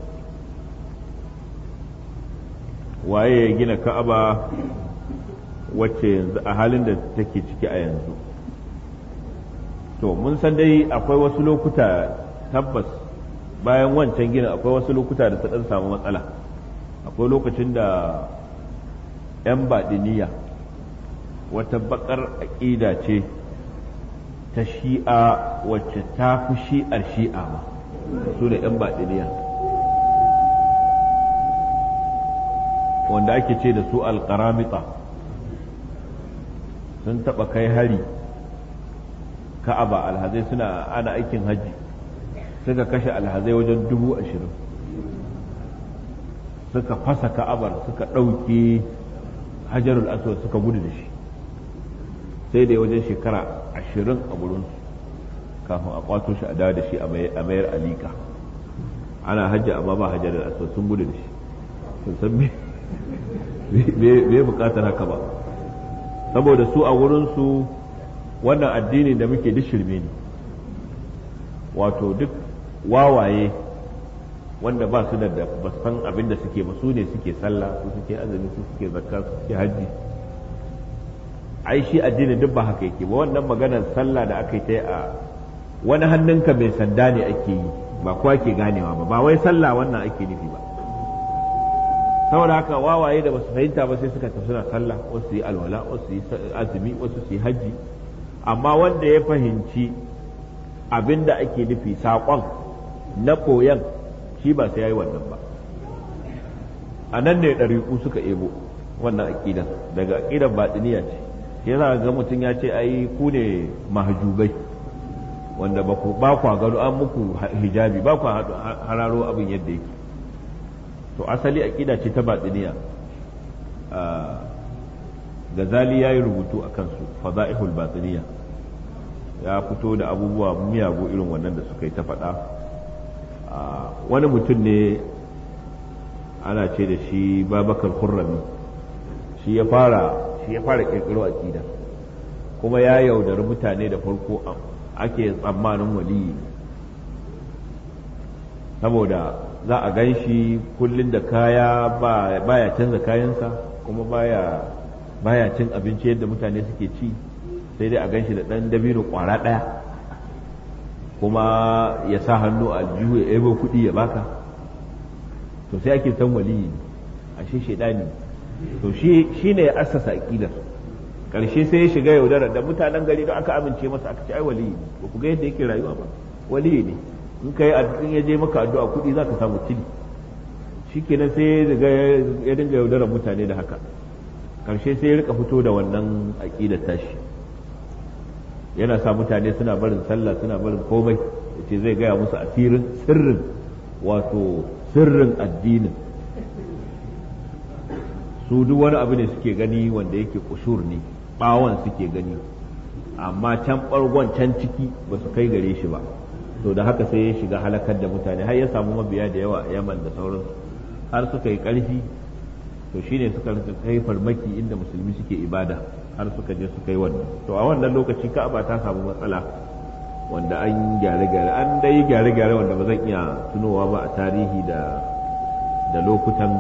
waye ya gina ka'aba wacce yanzu a halin da take ciki a yanzu to mun san dai akwai wasu lokuta tabbas bayan wancan ginin akwai wasu lokuta da ta ɗan samu matsala akwai lokacin da 'yan baɗiniya wata bakar aƙida ce ta shi'a wacce ta fi shi'ar shi'a ma su da 'yan baɗiniya wanda ake ce da su alƙaramita sun taɓa kai hari ka'aba alhazai suna ana aikin hajji suka kashe alhazai wajen dubu ashirin suka fasa ka'abar suka ɗauki hajarul aswad suka gudu da shi sai dai wajen shekara ashirin a wurin kafin a kwato shi a dawo da shi a mayar alika ana hajji amma ba hajarul aswad sun gudu da shi sun san me bukatar haka ba saboda su a wurinsu su wannan addini da muke duk shirme ne wato duk wawaye wanda ba su da ba san abin da suke ba su ne suke sallah su suke azumi su suke zakka su suke hajji ai shi addini duk ba haka yake ba wannan maganar sallah da aka yi ta a wani hannunka mai sanda ne ake yi ba kowa ke ganewa ba ba wai sallah wannan ake nufi ba saboda haka wawaye da basu fahimta ba sai suka tafi suna sallah wasu yi alwala wasu yi azumi wasu su yi hajji amma wanda ya fahimci abin da ake nufi saƙon na koyan shi ba sai ya yi wannan ba a nan ne ɗariƙu suka ebo wannan aƙidan daga aƙidan baɗiniya ce a ga mutum ya ce ai ku ne mahajubai wanda ba ku ba kwa gano an muku hijabi ba a hararo abin yadda yake to asali aƙida ce ta baɗiniya ah, gazali ya yi rubutu a kansu fada'ihul batiniya ya fito da abubuwa miyagu irin wannan da suka yi ta faɗa wani mutum ne ana ce da shi babakar hurrami shi ya fara shi ya fara kirkiro kuma ya yaudari mutane da farko ake tsammanin waliyi saboda za a gan shi kullum da kaya baya canza kayansa kuma ya. baya cin abinci yadda mutane suke ci sai dai a ganshi da ɗan dabino ƙwara ɗaya kuma ya sa hannu a aljihu ya yabo kuɗi ya baka to sai ake san shi ashe shaidani to shi ne ya assasa aƙidar ƙarshe sai ya shiga yaudara da mutanen gari don aka amince masa aka ce ai wali ne ba ku ga yadda yake rayuwa ba wali ne in ka yi ya je maka addu'a kuɗi za ka samu tili shikenan sai ya dinga yaudara mutane da haka karshe sai ya rika fito da wannan aƙida tashi yana sa mutane suna barin sallah suna barin komai ce zai gaya musu asirin sirrin wato sirrin addinin su duk wani abu ne suke gani wanda yake kushur ne bawon suke gani amma can ɓargon can ciki ba su kai gare shi ba to da haka sai ya shiga halakar da mutane har ya samu mabiya da yawa a yaman da sauransu har suka yi ƙarfi to shine suka rika kai farmaki inda musulmi suke ibada har suka je suka yi wannan to a wannan lokaci ka'aba ta samu matsala wanda an gyare-gyare an dai gyare-gyare wanda ba zan iya tunowa ba a tarihi da da lokutan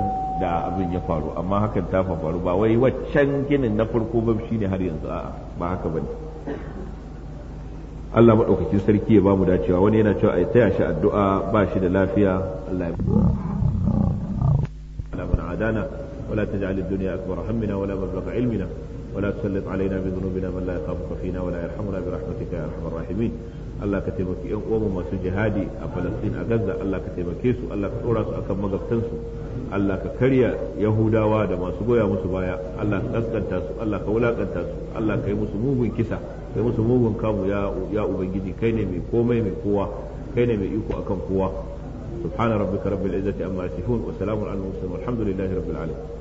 da abin ya faru amma hakan ta faru ba wai waccan ginin na farko ba shi ne har yanzu a'a ba haka ba ne Allah maɗaukakin sarki ya ba mu dacewa wani yana cewa ai taya shi addu'a ba shi da lafiya Allah ya adana ولا تجعل الدنيا أكبر همنا ولا مبلغ علمنا ولا تسلط علينا بذنوبنا من لا يخافك فينا ولا يرحمنا برحمتك يا أرحم الراحمين Allah taimaki yan uwanmu masu jihadi a Falastin a Gaza Allah taimake su Allah ka tsora su akan magabtansu Allah ka karya Yahudawa da masu goya musu baya Allah ka kaskanta su Allah ka wulakanta su Allah ka yi musu mugun kisa kai musu mugun kamu ya ya ubangiji kai ne mai komai mai kowa kai ne mai iko akan kowa subhana rabbika rabbil izzati amma yasifun wa